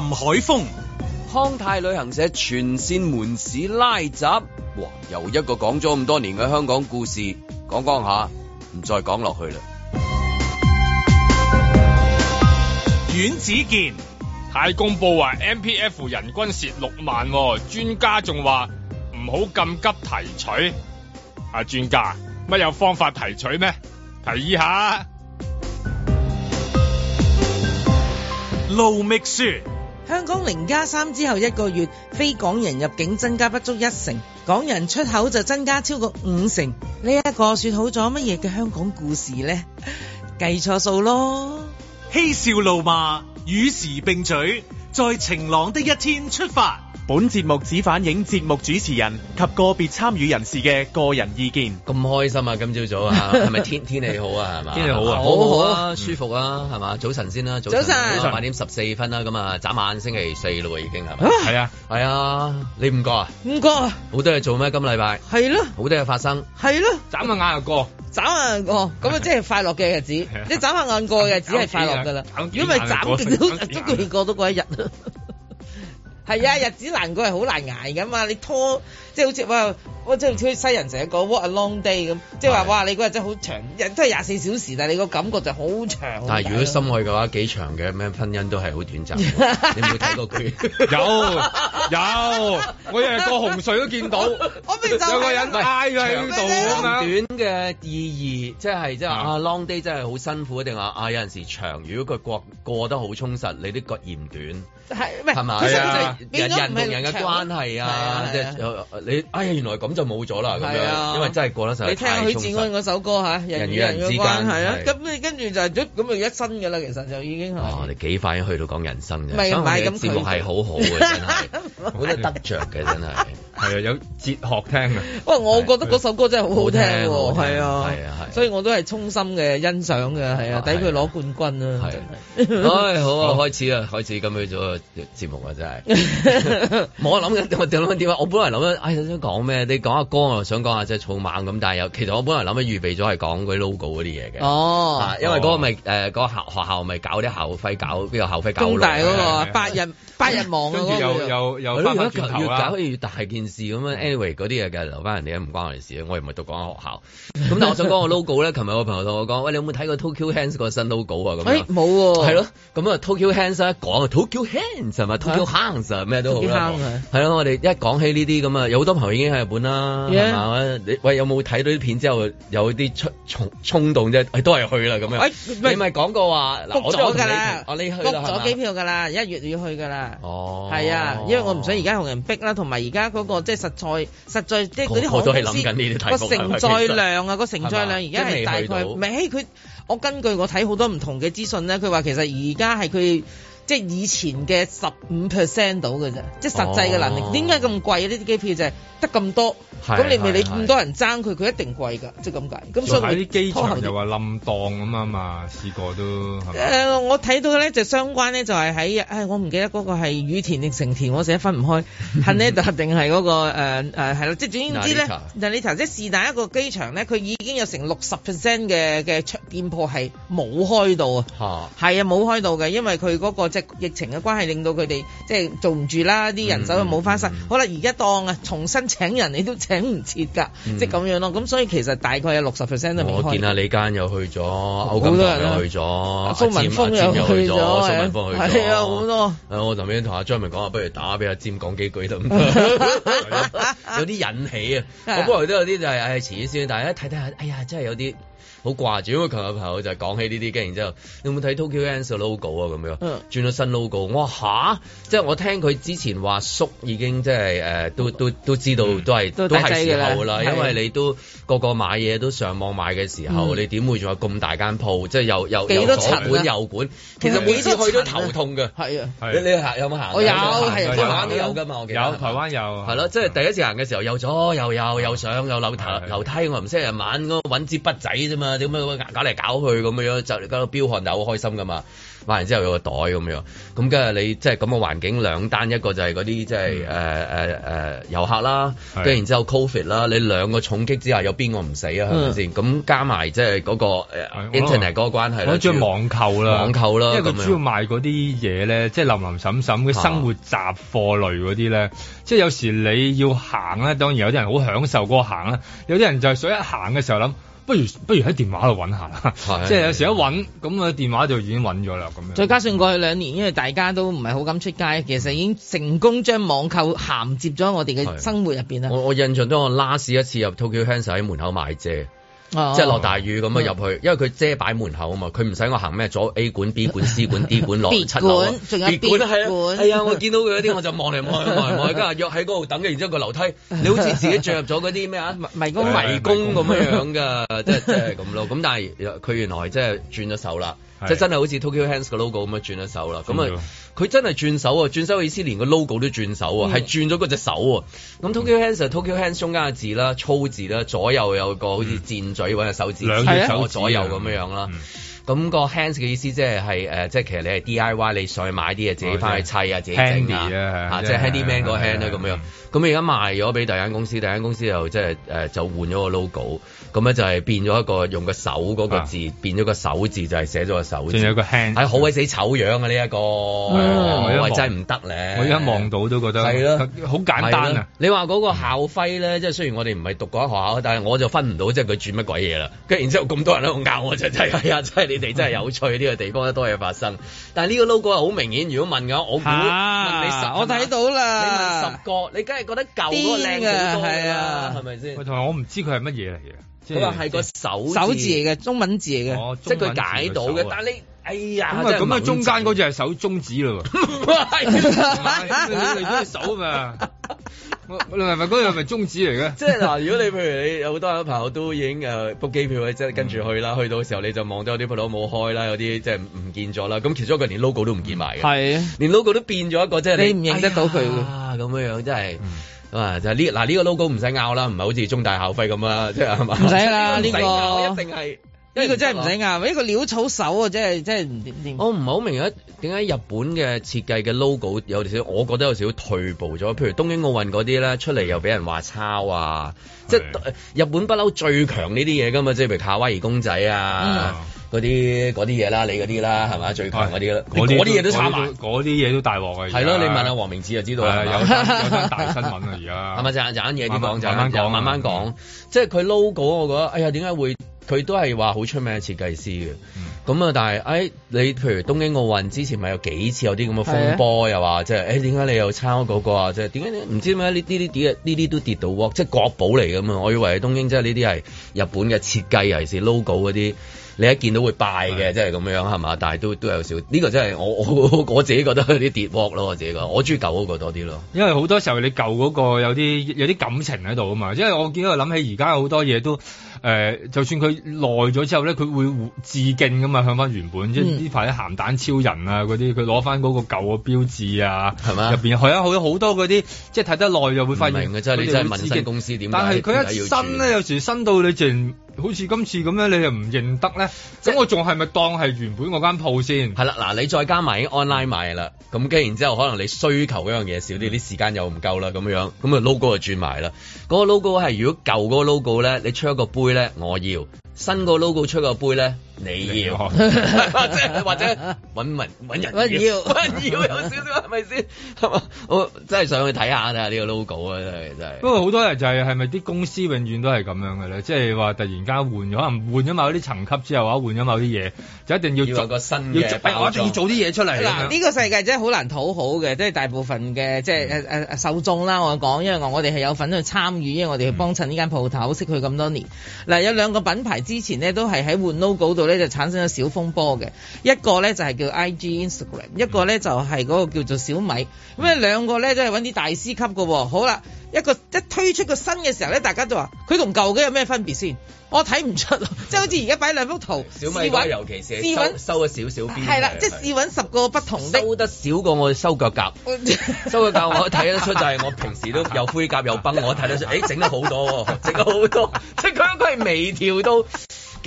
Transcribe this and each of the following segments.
林海峰，康泰旅行社全線門市拉閘。哇，又一個講咗咁多年嘅香港故事，講講下，唔再講落去啦。阮子健，大公報話 MPF 人均蝕六萬，喎，專家仲話唔好咁急提取。阿、啊、專家，乜有方法提取咩？提議一下。盧覓雪。香港零加三之後一個月，非港人入境增加不足一成，港人出口就增加超過五成。呢一個說好咗乜嘢嘅香港故事咧？計錯數咯！嬉笑怒罵，與時並舉，在晴朗的一天出發。本節目只反映節目主持人及個別參與人士嘅個人意見。咁開心啊！今朝早，早啊，係 咪天天氣好啊？係嘛？天氣好啊，好好，好啊、嗯，舒服啊，係嘛？早晨先啦、啊，早晨、啊早，晨，啊早，晨啊、早晨。八點十四分啦，咁啊，眨眼星期四咯，已經係咪？係啊，係啊，啊，你唔覺啊？唔覺啊，好多嘢做咩？今禮拜係咯，好多嘢、啊啊、發生係咯，眨下眼又過，眨下眼過，咁啊，即係快樂嘅日子，你眨下眼過嘅日子係快樂噶啦。如果唔係眨，都足夠你過一日。係啊，日子難過，係好難挨噶嘛，你拖即係好似話。我即係西人成日講 what a long day 咁，即係話哇你嗰日真係好長，日都係廿四小時，但係你個感覺就好長，長。但係如果深愛嘅話幾長嘅，咩婚姻都係好短暫的。 你有冇睇過佢？ 有有，我日日過洪水都見到， 我有個人挨喺度。長短嘅意義，即係即話啊 long day 真係好辛苦，一定話啊有陣時長。如果佢過過得好充實，你啲覺得短。係，唔係？係咪人同人嘅關係啊，即係、啊啊啊、你哎原來咁。就冇咗啦，咁、啊、樣因為真係過得實在太充實你聽許志安嗰首歌吓，人與人,人,人之間係啊，咁你、啊啊啊、跟住就咁、是啊啊啊就是啊、就一生噶啦，其實就已經係。我哋幾快去到講人生嘅，所咁咁。節目係好好嘅，真得得著嘅，真係。 係 啊，有哲學聽啊！喂，我覺得嗰首歌真係好好聽，係啊，係啊，係、啊啊啊，所以我都係衷心嘅欣賞嘅，係啊，抵佢攞冠軍啦，係、啊。唉、啊啊啊啊哎，好啊， 開始啊，開始咁樣做節目啊，真係。我諗緊，我掉諗緊點啊！我本來諗緊，唉、哎，想講咩？你講阿歌我又想講下即係草蜢咁。但係有，其實我本來諗緊預備咗係講嗰 logo 嗰啲嘢嘅。哦，啊、因為嗰個咪誒，嗰、哦呃那個校學校咪搞啲校徽搞，邊個校徽搞？中大嗰個、啊、八日、嗯、八日網。嘅、嗯、logo、啊嗯那個。又又又越大件。有有有事咁啊，anyway 嗰啲嘢嘅留翻人哋，唔關我哋事，我哋唔係讀港校，咁 但我想講個 logo 咧。琴日我朋友同我講，喂，你有冇睇過 Tokyo Hands 個新 logo 啊？咁誒冇，係咯、啊。咁啊 Tokyo Hands 啊一講啊 Tokyo、啊、Hands 同埋 Tokyo Hands 咩都好。啦，係咯、啊。我哋一講起呢啲咁啊，有好多朋友已經喺日本啦、yeah.，喂有冇睇到啲片之後有啲出衝衝動啫、哎？都係去啦咁樣。欸欸、你咪講過話 book 咗㗎，我你 book 咗、啊、機票㗎啦，一月就要去㗎啦。哦，係啊，因為我唔想而家同人逼啦，同埋而家嗰個即係實在，實在即係嗰啲航空公司個承載量啊，個承載量而家係大概，唔係，佢我根據我睇好多唔同嘅資訊咧，佢話其實而家係佢。即係以前嘅十五 percent 到嘅啫，即係實際嘅能力。點解咁貴？呢啲機票就係得咁多，咁你咪你咁多人爭佢，佢一定貴㗎，即係咁解。咁所以喺啲機場又話冧檔咁啊嘛，試過都。誒，我睇到咧就相關咧就係喺誒，我唔記得嗰個係羽田定成田，我成日分唔開，肯尼定係嗰個誒誒係啦，即係總之咧，但你頭先是但一個機場咧，佢已經有成六十 percent 嘅嘅店鋪係冇開到啊，係啊冇開到嘅，因為佢嗰個。疫情嘅關係令到佢哋即係做唔住啦，啲人手又冇翻晒。好啦，而家當啊重新請人你都請唔切㗎，即係咁樣咯。咁所以其實大概有六十 percent 都冇開。我見下李堅又去咗，歐金國又去咗、啊，蘇文峯、啊啊、又去咗，蘇文峯去咗，係啊，好、啊啊、多。啊、我頭先同阿張明講話，不如打俾阿詹講幾句得唔得？ 有啲引起啊，我本來都有啲就係、是、誒、哎、遲啲先，大家睇睇下，哎呀，真係有啲。好掛住，因為琴日朋友就講起呢啲，跟住然之後，你有冇睇 Tokyoans 嘅 logo 啊？咁樣轉咗新 logo，我吓即係我聽佢之前話，叔，叔已經即係誒，都都都知道，都係、嗯、都係時候啦，因為你都個個買嘢都上網買嘅時候，你點會仲有咁大間鋪？嗯、即係又又左管右管、啊，其實每次去都頭痛嘅。係啊，你，你有冇行？我有，係台灣有㗎嘛？我記得有台灣有。係咯，即係第一次行嘅時候，又左，又右又上又樓梯，樓梯我唔識，日晚咁揾支筆仔啫嘛。點樣搞嚟搞去咁樣，就搞到彪悍又好開心噶嘛！買完之後有個袋咁樣，咁跟住你即係咁嘅環境，兩單一個就係嗰啲即係誒誒誒遊客啦，跟然之後 COVID 啦，你兩個重擊之下，有邊個唔死啊？係咪先？咁加埋即係、那、嗰個誒 Internet 嗰個關係，我最網購啦，網購啦，因為佢主要賣嗰啲嘢咧，嗯、即係林林沈沈嘅生活雜貨類嗰啲咧，啊、即係有時你要行咧，當然有啲人好享受嗰個行啦，有啲人就係想一行嘅時候諗。不如不如喺電話度揾下啦，即係有時一揾，咁啊、嗯嗯、電話就已經揾咗啦，咁樣再加上過去兩年，因為大家都唔係好敢出街，其實已經成功將網購銜接咗我哋嘅生活入邊啦。我我印象中我 last 一次入 Tokyo Hands 喺門口買遮。Oh. 即係落大雨咁樣入去，因為佢遮擺門口啊嘛，佢唔使我行咩左 A 管 B 管 C 管 D 管落七樓，仲 有別館係啊，啊，我見到佢嗰啲我就望嚟望嚟望嚟，今日約喺嗰度等嘅，然之後個樓梯你好似自己進入咗嗰啲咩啊迷宮迷宮咁 樣㗎，噶，即係即係咁咯。咁但係佢原來真轉 即係轉咗手啦，即係真係好似 Tokyo Hands 嘅 logo 咁樣轉咗手啦，咁啊。佢真係轉手啊！轉手嘅意思，連個 logo 都轉手啊！係、嗯、轉咗嗰隻手喎。咁 Tokyo Hands、嗯、Tokyo Hands 中間嘅字啦，粗字啦，左右有個好似箭嘴或者手指，兩隻手左右咁樣樣啦。嗯嗯咁、那個 hands 嘅意思即係係誒，即係其實你係 DIY，你再買啲嘢自己翻去砌啊，自己整、哦、啊，嚇即係 handyman 個 hand 咧咁樣。咁而家賣咗俾第二間公司，第二間公司又即係誒、呃、就換咗個 logo，咁咧就係變咗一個，一個用個手嗰個字，啊、變咗個手字就係寫咗個手字，係好鬼死醜樣嘅呢一個係真係唔得咧。我而家望到都覺得係咯，好簡單啊！你話嗰個校徽咧，即係雖然我哋唔係讀嗰間學校，但係我就分唔到即係佢轉乜鬼嘢啦。跟住然之後咁多人喺度咬我，就係啊，真、嗯、係、嗯啊啊你哋真係有趣，呢、呢個地方都多嘢發生。但係呢個 logo 係好明顯，如果問嘅話，我估、啊、問你十，我睇到啦。你問十個，你梗係覺得舊嗰個靚好多，係啊，係咪先？佢同埋我唔知佢係乜嘢嚟嘅。佢話係個手字手字嚟嘅，中文字嚟嘅，即係佢解到嘅。但係你。哎呀，咁啊，中間嗰隻係手中指咯喎，係 不是， 你嚟你隻手啊嘛，我你係咪嗰隻係咪中指嚟嘅？即係嗱，如果你譬如你有好多朋友都已經 book、啊、機票即係跟住去啦、嗯，去到時候你就望到有啲鋪冇開啦，有啲即係唔見咗啦，咁其中一個連 logo 都唔見埋嘅，係啊，連 logo 都變咗一個，即、就、係、是、你唔認得到佢、哎嗯、啊，咁嘅樣真係，哇，就係呢嗱呢個 logo 唔使拗啦，唔係好似中大校徽咁啦，即係係嘛，唔使啦，呢、呢個一定係。因為佢真係唔整啊！呢、啊、個潦草手啊，真係真係我唔係好明啊。點解日本嘅設計嘅 logo 有少少，我覺得有少少退步咗。譬如東京奧運嗰啲咧，出嚟又俾人話抄啊！是即係日本不嬲最強呢啲嘢噶嘛，即係譬如卡哇伊公仔啊，嗰啲嗰啲嘢啦，你嗰啲啦，係咪？最強嗰啲啦。嗰啲嘢都啲嘢都，都大鑊啊！係咯，你問下黃明志就知道啦。有大， 有一單大新聞啊！而家係咪就就嘢？點講就慢慢講、啊嗯，即係佢 logo，我覺得哎呀，點解會？佢都係話好出名嘅設計師嘅，咁、嗯、啊，但係誒，你譬如東京奧運之前咪有幾次有啲咁嘅風波又，又話即係誒點解你又抄嗰個啊？即係點解你唔知咩呢啲啲啲呢啲都跌到，即係國寶嚟噶嘛？我以為係東京即係呢啲係日本嘅設計，尤其是 logo 嗰啲。你一見到會敗嘅，即係咁樣係嘛？但係都都有少，呢、呢個真係我我，我，我自己覺得有啲跌鑊咯。我自己覺得，我中意舊嗰個多啲咯。因為好多時候你舊嗰個有啲有啲感情喺度啊嘛。因為我見到諗起而家好多嘢都誒、呃，就算佢耐咗之後咧，佢會致敬噶嘛，向翻原本。即係呢排啲鹹蛋超人啊嗰啲，佢攞翻嗰個舊嘅標誌啊，入邊係啊，有好多嗰啲即係睇得耐就會發現。嘅真係你真係紋身公司點解？但係佢一新咧，有時新到你 好似今次咁樣，你又唔認得咧，咁我仲係咪當係原本我間鋪先？係啦，嗱，你再加埋已經 online 賣啦，咁既然之後可能你需求嗰、嗯、樣嘢少啲，啲時間又唔夠啦，咁樣咁啊 logo 就轉埋啦。嗰、嗰個 logo 係如果舊嗰個 logo 咧，你出一個杯咧，我要。新個 logo 出個杯咧，你要，你要學 或者或者搵人，搵 人要揾 要有少少係咪先？我真係想去睇下啊！呢個 logo 啊，真係真係。不過好多人就係係咪啲公司永遠都係咁樣嘅咧？即係話突然間換咗，可能換咗某啲層級之後啊，換咗某啲嘢，就一定要做要個新嘅，我要做啲嘢出嚟。嗱，呢個世界真係好難討好嘅，即係大部分嘅即係誒誒受眾啦。我講因為我我哋係有份去參與，因為我哋去幫襯呢間鋪頭，嗯、去識佢咁多年。嗱，有兩個品牌。之前咧都係喺換 logo 度咧就產生咗小風波嘅，一個咧就係、是、叫 IG Instagram，一個咧就係、是、嗰個叫做小米，咁啊兩個咧都係揾啲大師級嘅喎、哦。好啦。一個一推出個新嘅時候咧，大家就話佢同舊嘅有咩分別先？我睇唔出即係 好似而家擺兩幅圖， 小米揾，尤其是收收咗少少邊，係啦，即係試揾十個不同的，收得少過我收腳甲， 收腳甲我睇得出就係我平時都又灰甲又崩，我睇得出，誒、欸、整得好多，整得好多，即係佢佢係微調到。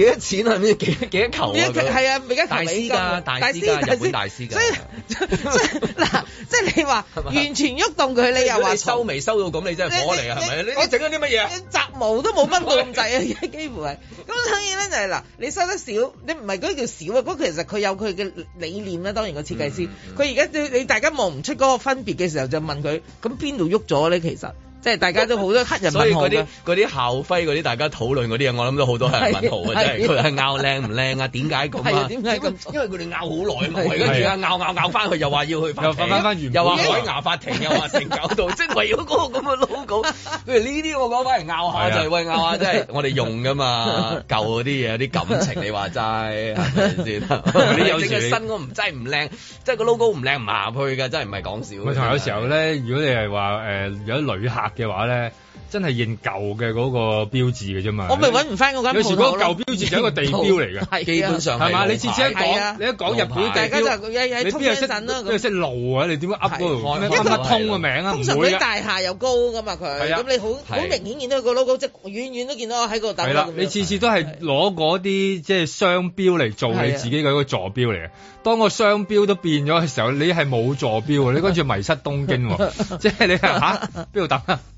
幾多錢係唔幾幾多球啊！係啊，而家大師噶，大師噶，日本大師噶。 所以，即係嗱，即、就、係、是就是、你話完全喐動佢，你又話收微收到咁，你真係火嚟係咪你你整咗啲乜嘢啊？雜毛都冇乜，咁滯啊！而家幾乎係。咁所以咧就係、是、嗱，你收得少，你唔係嗰條少啊。咁其實佢有佢嘅理念啦。當然個設計師，佢而家你大家望唔出嗰個分別嘅時候，就問佢：咁邊度喐咗咧？其實。即係大家都好多黑人問號，所以嗰啲啲校徽嗰啲，大家討論嗰啲嘢，我諗都好多黑人問號，即係佢係拗靚唔靚啊？點解咁啊？點解、啊啊、因為佢哋拗好耐啊，跟住拗拗拗翻去，又話要去發翻翻原，又話海牙法庭， 又話成九度。 即係為咗嗰個咁嘅 logo。譬 如呢啲我講翻嚟拗，下， 就係為拗下，即 係我哋用噶嘛， 舊嗰啲嘢有啲感情， 你話說齋的 你整個新都唔齋唔靚， 即係個 logo 唔靚唔合配嘅，真係唔係講笑的。同埋有時候咧，如果你係話誒有啲旅客。嘅話咧。真係認舊嘅嗰個標誌嘅啫嘛，我咪揾唔翻嗰間鋪，你如果舊標誌就係一個地標嚟嘅， 基本上係嘛？你次次一講，啊、你一講日本，大家就喺喺東京鎮咯。咁你識路啊？你點樣噏嗰度？啲乜通嘅名啊？通常啲大廈又高㗎嘛佢，咁你好好明顯見到個 logo，即係遠遠都見到我喺嗰度等。啦、啊啊，你次次都係攞嗰啲即係商標嚟做你自己嘅一個座標嚟嘅。當個商標都變咗嘅時候，你係冇座標，你跟住迷失東京、啊，即 係 你嚇邊度等啊？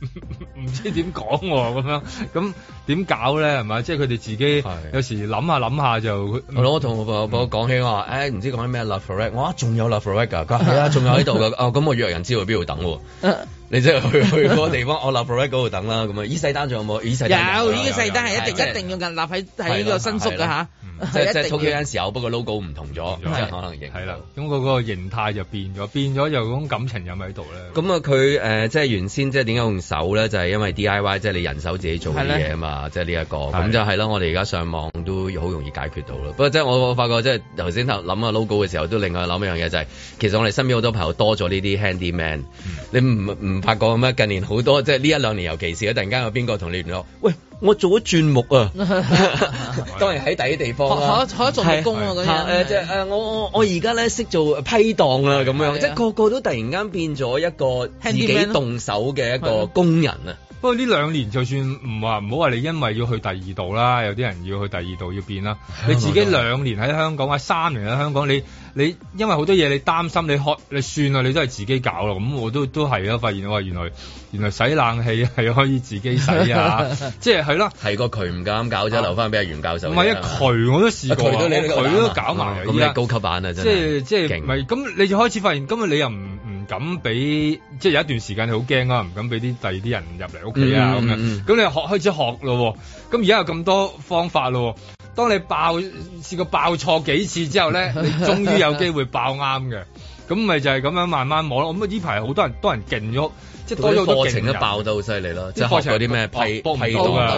即係點講喎，咁樣咁點搞咧係咪？即係佢哋自己係有時諗下諗下就係咯。我同我朋友講起我話，誒，唔知講緊咩 Love Forever，我啊仲有 Love Forever 㗎，係啊仲 有喺度㗎。哦，咁我約人知道邊度等喎。 你即係去去嗰個地方，我立咗喺嗰度等啦，咁啊，依世單仲有冇？依世有依世單係一定、就是、一定要立喺喺呢個新宿㗎吓。即係即係嗰陣時候，不過 logo 唔同咗，即係可能形係啦。咁佢、嗰個形態就變咗，變咗就嗰種感情又咪喺度咧？咁啊，佢、呃、即係原先即係點解用手咧？就係、是、因為 DIY，即係你人手自己做嘅嘢啊嘛。即係呢一個咁就係、是、啦我哋而家上網都好容易解決到啦。不過即係我我發覺即係頭先頭諗啊 logo 嘅時候，都另外諗一樣嘢就係、是，其實我哋身邊好多朋友多咗呢啲 handyman，、嗯、你唔唔？發過咁咩！近年好多即係呢一兩年，尤其是啊，突然間有邊個同你聯絡？喂，我做咗鑽木啊！ 當然喺第啲地方啦，啊，開開咗工啊咁樣。誒、呃，即係誒、呃，我我我而家咧識做批檔啊，咁樣，啊、即係個個都突然間變咗一個自己動手嘅一個工人啊！ 不過呢兩年就算唔話唔好話，你因為要去第二度啦，有啲人要去第二度要變啦。你自己兩年喺香港，或三年喺香港，你你因為好多嘢你擔心你，你你算啦，你都係自己搞啦。咁我都都係啊，發現我原來原來洗冷氣係可以自己洗啊，即係係咯。係個渠唔敢搞咗，留翻俾阿袁教授。唔係一渠我都試過，佢都，都搞埋。咁、嗯、咩高級版啊，真係勁。咁你就開始發現，今日你又唔～敢俾，即係有一段時間你，嗯嗯嗯你好驚啊！唔敢俾啲第二啲人入嚟屋企啊，咁樣，咁你學開始學咯。咁而家有咁多方法咯。當你爆試過爆錯幾次之後咧，你終於有機會爆啱嘅。咁 咪就係咁樣慢慢摸咯。咁啊，呢排好多人多人勁咗。即係個課程都爆得好犀利啦！即係學嗰啲咩批批㗎啊，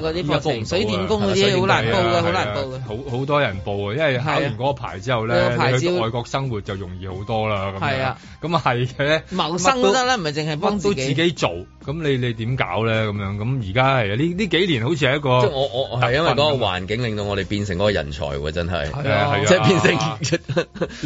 嗰啲、啊、水電工嗰啲好難報㗎，好、啊啊啊、難報㗎。好好、啊啊啊、多人報啊，因為考完嗰個牌之後咧，那個、去外國生活就容易好多啦。咁啊，咁啊係嘅，謀生都得啦，唔係淨係幫自己做。咁、啊、你你點搞咧？咁樣咁而家其實呢呢幾年好似係一個即係我我係因為嗰個環境令到我哋變成嗰個人才喎，真係。即係、啊啊啊、變成、啊、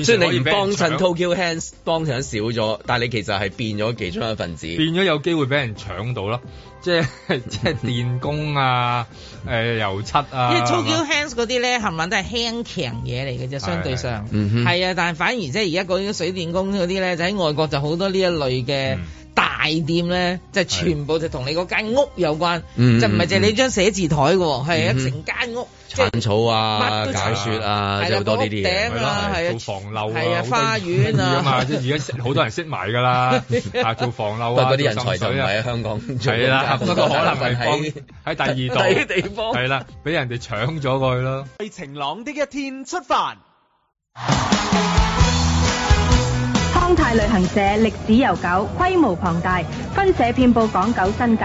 雖然你唔幫襯 Tokyo Hands，幫襯少咗，但你其實係變咗其中一份。變咗有機會俾人搶到咯，即係即係電工啊、誒、 呃、油漆啊，因為 Tokyo Hands 嗰啲咧，係 咪都係輕強嘢嚟嘅啫？相對上，嗯係啊，但係反而即係而家嗰啲水電工嗰啲咧，就喺外國就好多呢一類嘅大店咧，即、嗯、係、就是、全部就同你嗰間屋有關，即唔係淨係你張寫字台嘅喎，係一整間屋。殘草啊，解雪啊，好多呢啲嘢，係咯，做防漏，係啊，花園啊嘛，即而家好多人識埋噶啦，係做防漏啊，嗰啲人才唔係啊，香港係啦，不過可能係喺第二度地方，係啦，俾人哋搶咗過去咯。喺晴朗的一天出發，康泰旅行社歷史悠久，規模龐大，分社遍佈港九新界。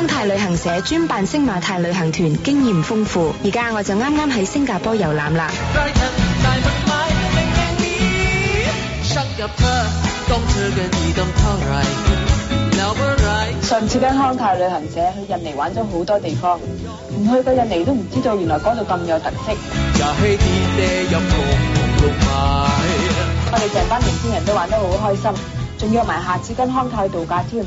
康泰旅行社專辦星馬泰旅行團，經驗豐富。而家我就啱啱喺新加坡遊覽啦。上次跟康泰旅行社去印尼玩咗好多地方，唔去過印尼都唔知道原來嗰度咁有特色。我哋成班年輕人都玩得好開心，仲約埋下次跟康泰度假添。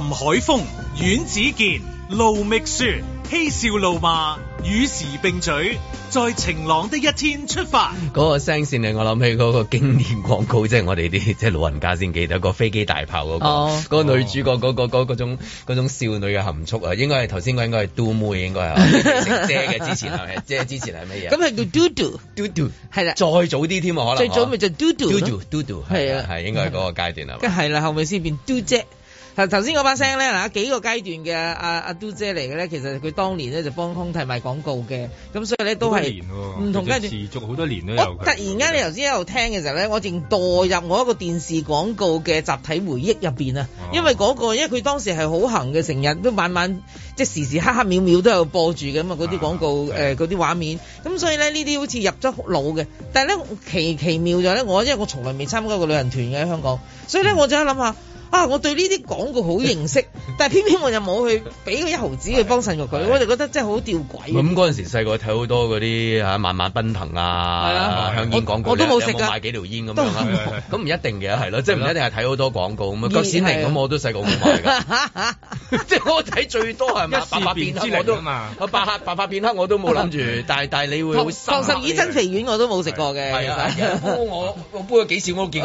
林海峰、阮子健、盧覓雪嬉笑怒罵，與時並舉。在晴朗的一天出發。嗰、那個聲線令我諗起嗰個經典廣告，就是、們的即係我哋啲即係老人家先記得、那個飛機大炮嗰、那個。哦。那個女主角嗰、那個、那個、那種那種少女嘅含蓄啊，應該係頭先嗰應該係嘟妹， 應該係。姐嘅之前係咩？姐之前係乜嘢？咁係叫嘟嘟嘟嘟，係啦。 再早啲添可能。最早咪就嘟嘟嘟嘟嘟嘟係啊，係應該係嗰個階段啊。咁係啦，後尾先變嘟 姐。頭頭先嗰把聲咧，嗱幾個階段嘅阿阿嘟姐嚟嘅咧，其實佢當年咧就幫康泰賣廣告嘅，咁所以咧都係唔同階段。持續好多年，突然間，你頭先喺度聽嘅時候咧，我正墮入我一個電視廣告嘅集體回憶入面啊、哦！因為嗰、嗰個，因為佢當時係好行嘅，成日都晚晚即係時時刻刻秒秒都有播住嘅咁啊！嗰啲廣告嗰啲畫面，咁所以咧呢啲好似入咗腦嘅。但係咧奇奇妙就咧，我因為我從來未參加過旅行團嘅喺香港，所以咧我就一諗下。啊！我對呢啲廣告好認識， 但係偏偏我又冇去俾佢一毫子去幫襯過佢，我就覺得真係好吊詭。咁嗰陣時細個睇好多嗰啲嚇萬萬奔騰啊，啊、香煙廣告，啊嗯、我都冇食買幾條煙咁啊？咁唔、啊、一定嘅，係咯，即係唔一定係睇好多廣告咁啊。葛閃靈咁、啊、我都細個冇買的 即係我睇最多係嘛 白髮變黑。我白黑白髮變黑我都冇諗住，但但係你會好。黃十姨真肥丸我都冇食過嘅。我我煲咗幾少，我都見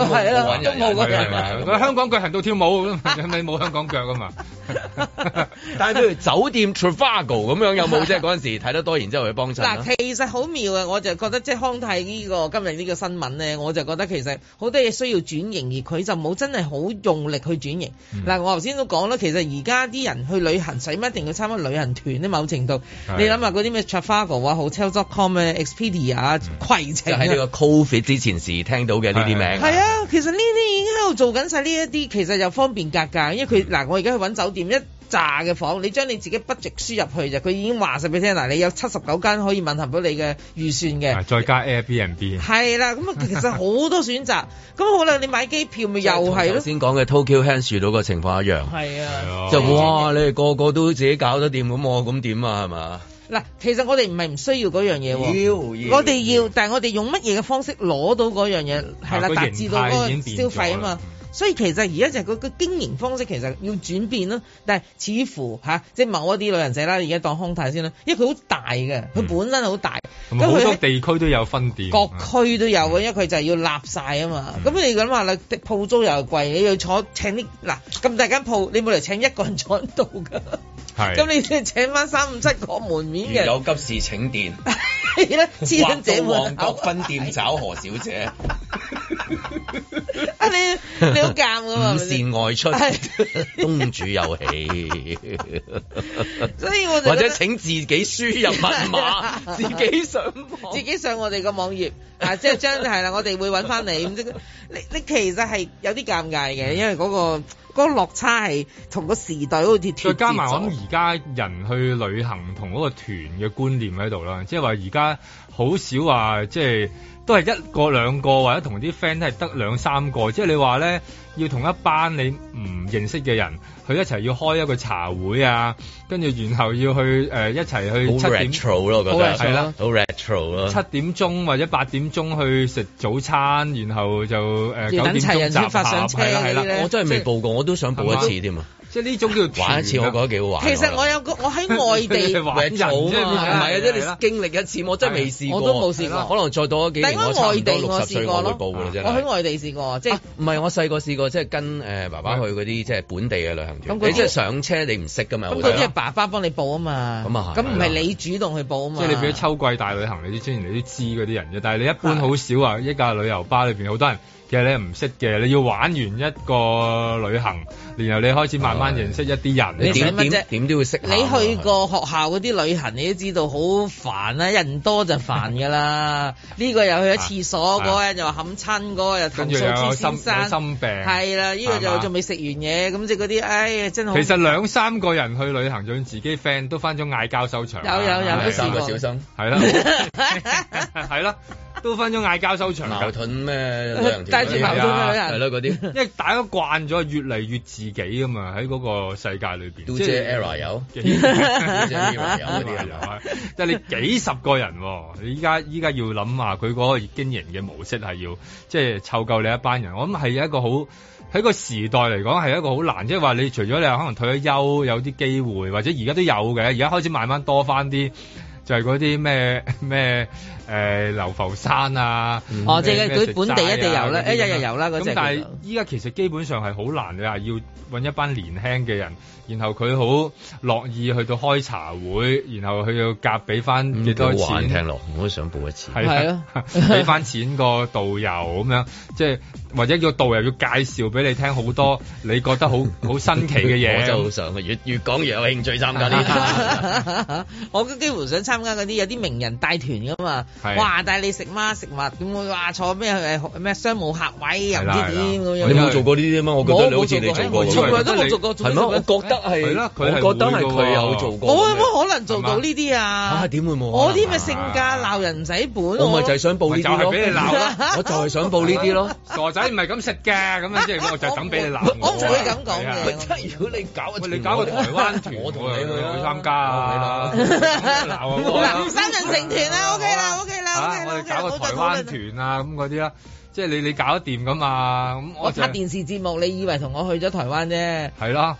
過。香港鬼行到添。冇 你冇香港腳㗎嘛？ 但係譬如酒店 Trivago 咁樣有冇啫，嗰陣時睇得多，然之後去幫襯。嗱， 其實好妙啊，我就覺得即係康泰呢、這個今日呢個新聞咧，我就覺得其實好多嘢需要轉型，而佢就冇真係好用力去轉型。嗱、嗯嗯，我頭先都講啦，其實而家啲人去旅行，使乜一定要參加旅行團呢？某程度，你諗下嗰啲咩 Trivago 啊 Hotels.com 啊，Expedia 啊，攜程、嗯、就喺、是、呢個 Covid 之前時聽到嘅呢啲名。係啊，其實呢啲已經喺度做緊晒呢一啲，其實又方便格價，因為佢嗱、嗯，我而家去揾酒店一炸嘅房，你將你自己 budget 輸入去就，佢已經話晒俾你聽，嗱，你有七十九間可以吻合到你嘅預算嘅，再加 Airbnb 係啦，咁其實好多選擇，咁好啦，你買機票咪又係咯，先講嘅 Tokyo Hands 到個情況一樣，係啊，就哇，係你哋個個都自己搞得掂咁，咁點啊，係嘛？嗱，其實我哋唔係唔需要嗰樣嘢，我哋要，要，但係我哋用乜嘢嘅方式攞到嗰樣嘢，係啦，達至到嗰個消費啊嘛。所以其實而家就係個經營方式其實要轉變咯，但係似乎嚇、啊、即係某一啲旅行社啦，而家當康泰先啦，因為佢好大嘅，佢本身好大，咁好多地區都有分店，各區都有，因為佢就係要立晒啊嘛。咁、嗯嗯、你咁話你的鋪租又貴，你要坐請啲嗱咁大間鋪，你冇嚟請一個人坐到噶。係。咁你請翻三五七個門面嘅。有急事請電。黐 千者旺角分店找何小姐。 你你好尷㗎嘛？五線外出， 東主有遊喜。 所以我覺得或者請自己輸入密碼 自己上，自己上我哋個網頁。 啊、即係將係啦，我哋會搵翻你，你。你你其實係有啲尷尬嘅、嗯，因為嗰、嗰個嗰、嗰個、落差係同個時代好似脱節咗。再加埋我諗，而家人去旅行同嗰個團嘅觀念喺度啦，即係話而家好少話即係。都係一個兩個或者同啲 friend 都係得兩三個，即係你話咧要同一班你唔認識嘅人，佢一齊要開一個茶會啊，跟住然後要去、呃、一齊去七點好 retro 咯，我覺得係啦，好 retro 囉。七、啊、點鐘或者八點鐘去食早餐，然後就九、呃、點鐘集合上車。係啦係啦，我真係未報過、就是，我都想報一次添啊！即係呢種叫玩一次，我覺得幾好玩。其實我有個 我喺外地 玩人啫，唔係啊，即你經歷一次，我真係未試過。我都冇試過，可能再多嗰幾年，但喺外地我差唔多六十我去報㗎、啊、我喺外地試過，即係唔係我細個試過，即、就、係、是、跟誒爸爸去嗰啲即係本地嘅旅行團。咁佢即係上車，你唔識㗎嘛？咁嗰啲係爸爸幫你報啊嘛。咁啊，咁唔係你主動去報啊嘛。即係你俾啲秋季大旅行，你之前你都知嗰啲人啫，但係你一般好少啊。一架旅遊巴裏邊好多人，其實你唔識嘅，你要玩完一個旅行。然後你開始慢慢認識一啲人，啊、你點點點都會識。你去過學校嗰啲旅行，你都知道好煩呀、啊，人多就煩㗎啦。呢 個又去咗廁所，嗰、啊、個又就話冚親，嗰個又同蘇、啊啊、先生、嗯、心，心病，係啦、啊，呢、這個就仲未食完嘢，咁即嗰啲，哎呀，真係。其實兩三個人去旅行，就算自己 friend 都返咗嗌交收場。有有有，都試過。啊、小心，係啦，係啦，都返咗嗌交收場。 矛盾咩？但係矛盾咩？係咯，嗰啲，因為大家慣咗，越嚟越自。自己㗎嘛，喺嗰個世界裏邊，都知 error 有，即知 error 有、呃、嗰有。即 係 你幾十個人、啊，你依家依家要諗下佢嗰個經營嘅模式係要，即係湊夠你一班人。我諗係一個好喺個時代嚟講係一個好難，即係話你除咗你可能退咗休有啲機會，或者而家都有嘅，而家開始慢慢多翻啲，就係嗰啲咩咩。誒、呃、流浮山啊！哦、嗯，即係佢本地一地遊啦，一日日遊啦，咁，但係依家其實基本上係好難，你話要揾一班年輕嘅人，然後佢好樂意去到開茶會，然後去到夾俾翻幾多錢。嗯、聽落我都想報一次，係啊，俾翻、啊、 錢個導遊咁 樣，即係或者個導遊要介紹俾你聽好多你覺得好好 新奇嘅嘢。我就想，越越講越有興趣參加呢。 我都幾乎想參加嗰啲有啲名人帶團㗎嘛。係哇！帶你食嘛？食物點會話？坐咩誒咩商務客位又唔知點咁樣。你冇做過呢啲啊嗎？我冇冇做過。都冇做過。係咩？我覺得係。係啦。佢有做過。我有冇可能做到呢啲啊？啊點會冇啊？我啲咪性格鬧人唔使本，我咪就係想報呢啲。就係俾你鬧啦！我就係想報呢啲咯。傻仔唔係咁食嘅，咁樣即係我就係咁俾你鬧。我唔會咁講嘅。真如果你搞一團，你搞個台灣團，我同你去參加啊！鬧我啦！三人成團啦，OK 啦。吓！我哋搞個台灣團啊，咁嗰啲啦，即係你你搞得掂㗎嘛？咁我拍電視節目，你以為同我去咗台灣啫？係咯，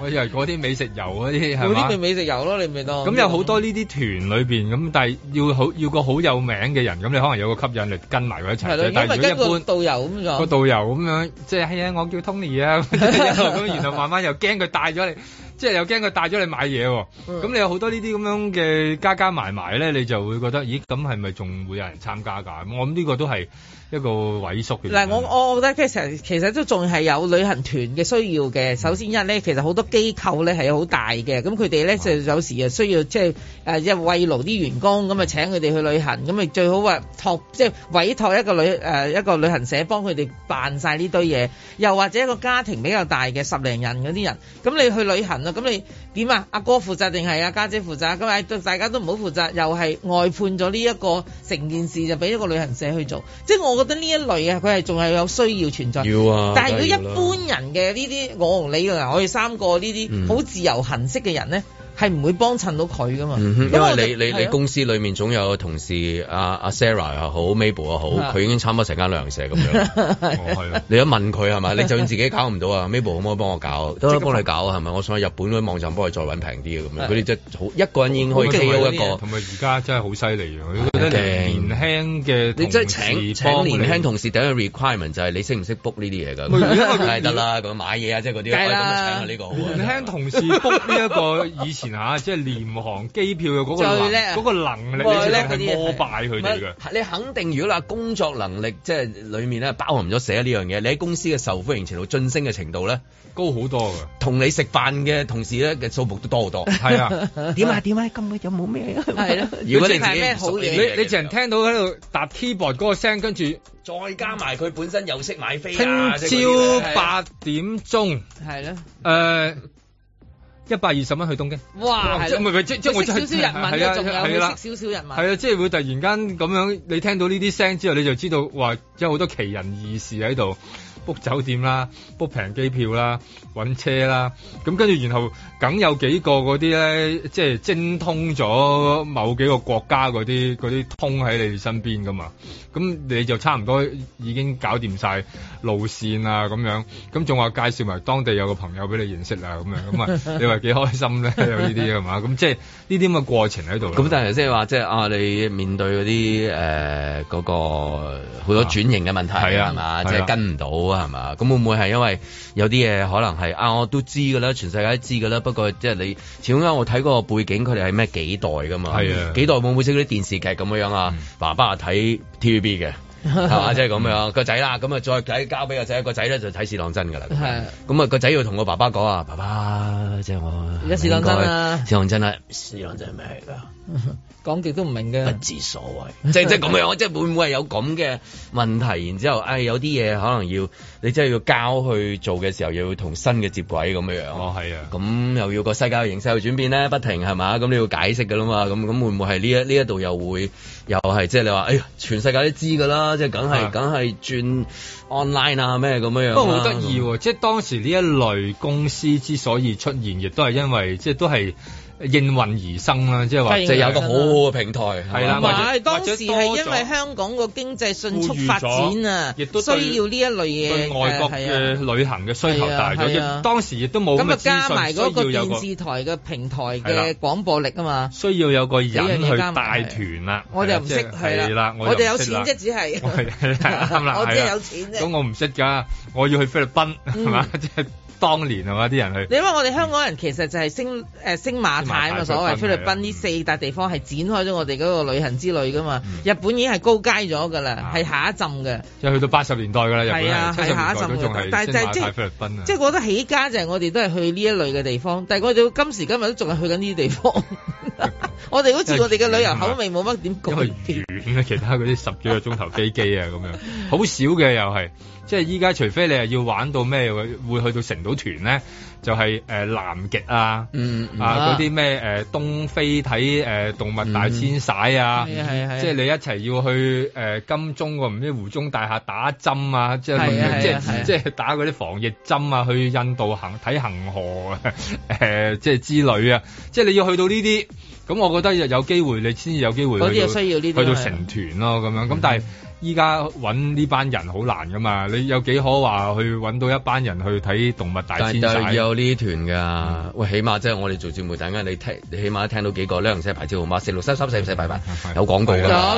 我以為嗰啲美食遊嗰啲係嘛？嗰啲咪美食遊咯，你咪當。咁有好多呢啲團裏邊咁，但係要好要個好有名嘅人，咁你可能有個吸引力跟埋佢一齊。係咯，如果一般導遊咁咋？個導遊咁樣，即係哎呀，我叫 Tony 啊，咁然後慢慢又驚佢帶咗你。即係又驚佢帶咗你買嘢喎，哦，咁你有好多呢啲咁樣嘅加加埋埋咧，你就會覺得，咦，咁係咪仲會有人參加㗎？咁我諗呢個都係。一個萎縮嘅。嗱，我我覺得其實都仲係有旅行團嘅需要嘅。首先一咧，其實好多機構咧係好大嘅，咁佢哋咧就有時啊需要即係誒一慰勞啲員工，咁啊請佢哋去旅行，咁啊最好話託即係委託一個旅誒一個旅行社幫佢哋辦晒呢堆嘢。又或者一個家庭比較大嘅十零人嗰啲人，咁你去旅行呀，咁你。點啊？阿哥負責定係阿家姐負責咁？誒，大家都唔好負責，又係外判咗呢一個成件事，就俾一個旅行社去做。即係我覺得呢一類嘅佢係仲係有需要存在。要啊！但係如果一般人嘅呢啲我同你嘅人，我哋三個呢啲好自由行式嘅人咧，嗯呢係唔會幫襯到佢噶嘛，嗯？因為你你你，啊、你公司裡面總有同事阿阿、啊啊、Sarah 又好，Mabel 又好，佢、啊、已經參加成間旅行社咁樣。 哦啊、你一問佢係咪？你就算自己搞唔到啊，Mabel 可唔可以幫我搞？即係幫你搞係咪？我想去日本嗰網站幫佢再揾平啲嘅咁樣。佢哋即係一個人已經可以 take over 一個。同埋而家真係好犀利啊！Okay，年輕嘅你即係請，請年輕同事第一個 requirement 就係你識唔識 book 呢啲嘢㗎？梗係得啦，咁買嘢啊，即係嗰啲梗係啦。年輕同事 book 呢 一個以前。前、啊、即係廉航機票嘅嗰個能、就是那個、能力，你先係摩拜佢哋嘅。你肯定如果啦，工作能力即係裡面咧包含咗寫呢樣嘢，你喺公司嘅受歡迎程度、晉升嘅程度咧高好多嘅。同你食飯嘅同事咧嘅數目都多好多。係 啊，點啊點啊，咁嘅又冇咩？係咯、啊啊 啊，如果你好你你淨係 聽到喺度搭 keyboard 嗰個聲，跟住再加埋佢本身又識買飛、啊。聽朝八點鐘係咯，誒、啊。一百二十蚊去東京，哇！係咪佢即即我識少少日文，日文啊，仲有識少少日文，係啊，即係會突然間咁樣。你聽到呢啲聲之後，你就知道哇，有好多奇人異事喺度 book 酒店啦，book 平機票啦。揾車啦，咁跟住然後梗有幾個嗰啲咧，即係精通咗某幾個國家嗰啲嗰啲通喺你身邊噶嘛，咁你就差唔多已經搞掂曬路線啊咁樣，咁仲話介紹埋當地有個朋友俾你認識啦咁樣，咁啊你話幾開心咧？有呢啲係嘛？咁即係呢啲咁嘅過程喺度。咁但係即係話即係啊，你面對嗰啲誒嗰個好多轉型嘅問題係啊係嘛，即係跟唔到啊係嘛？咁會唔會係因為有啲嘢可能係？係啊，我都知噶啦，全世界都知噶啦。不過即係你，始終我睇嗰個背景，佢哋係咩幾代噶嘛？係啊，幾代會唔會識啲電視劇咁樣樣啊、嗯？爸爸睇 TVB 嘅，啊， 即係咁樣個仔啦。咁啊，就再交俾個仔，個仔咧就睇侍郎》真噶啦。咁啊，個仔要同我爸爸講啊，爸爸，即、就、係、是、我而家侍郎》真啊，侍郎》真啦，視當真咩嚟噶？講 極都唔明嘅，不知所謂，即係即係咁樣，即係會唔會係有咁嘅問題？然後之後，誒、哎，有啲嘢可能要你真係要交去做嘅時候，又要同新嘅接軌咁樣樣。哦，係啊，咁又要個世界嘅形勢去轉變咧，不停係嘛，咁你要解釋噶啦嘛。咁咁會唔會係呢一呢一度又會又係即係你話，哎呀，全世界都知噶啦，係啊，即係梗係梗係轉 online 啊咩咁樣樣。不過好得意喎，即係當時呢一類公司之所以出現，亦都係因為即係都係。應運而生啦，即係話、啊、就有個好好嘅平台，係啦、啊。唔係當時係因為香港個經濟迅速發展啊，亦都需要呢一類嘢。對外國嘅旅行嘅需求大咗、啊啊，當當時亦都冇咁就加埋嗰個電視台嘅平台嘅廣播力嘛啊嘛。需要有個人去帶團、啊啊啊啊啊啊 啊、啦。我哋又唔識係啦， 我哋有，有錢啫，只係我即係有錢啫。咁我唔識㗎，我要去菲律賓係嘛？即、嗯、係。 當年係嘛啲人去？你因為我哋香港人其實就係星誒星馬泰啊嘛，所謂菲律賓呢四大地方係展開咗我哋嗰個旅行之旅㗎嘛、嗯。日本已經係高階咗㗎啦，係、嗯、下一浸嘅、啊。就去到八十年代㗎啦，係啊係下一浸嘅。但係即係菲律賓，即、就、係、是就是、我覺得起家就係我哋都係去呢一類嘅地方，但係我哋到今時今日都仲係去緊呢啲地方。 我哋好似我哋嘅旅遊口味冇乜點改變。 因，遠、啊 因啊、其他嗰啲十幾個鐘頭飛機啊咁 樣，好少嘅又係。即係依家，除非你係要玩到咩，會去到成到團咧，就係、是呃、南極啊，嗯嗯、啊嗰啲咩誒東非睇、呃、動物大遷徙啊，嗯、即係你一齊要去、呃、金鐘，唔知湖中大廈打針啊，即係即係即係打嗰啲防疫針啊，去印度行睇恒河誒、 嗯，即係之類啊，即係你要去到呢啲，咁我覺得有機會你先至有機會，嗰啲又需要呢啲去到成團咯，咁樣咁、嗯、但係。依家揾呢班人好難噶嘛？你有幾可話去揾到一班人去睇動物大遷徙？但係有呢團噶，喂、嗯，起碼即係我哋做節目，大家，你聽，你起碼聽到幾個旅行社牌照號碼，四六三三四唔使拜拜，啊啊啊啊、有廣告噶，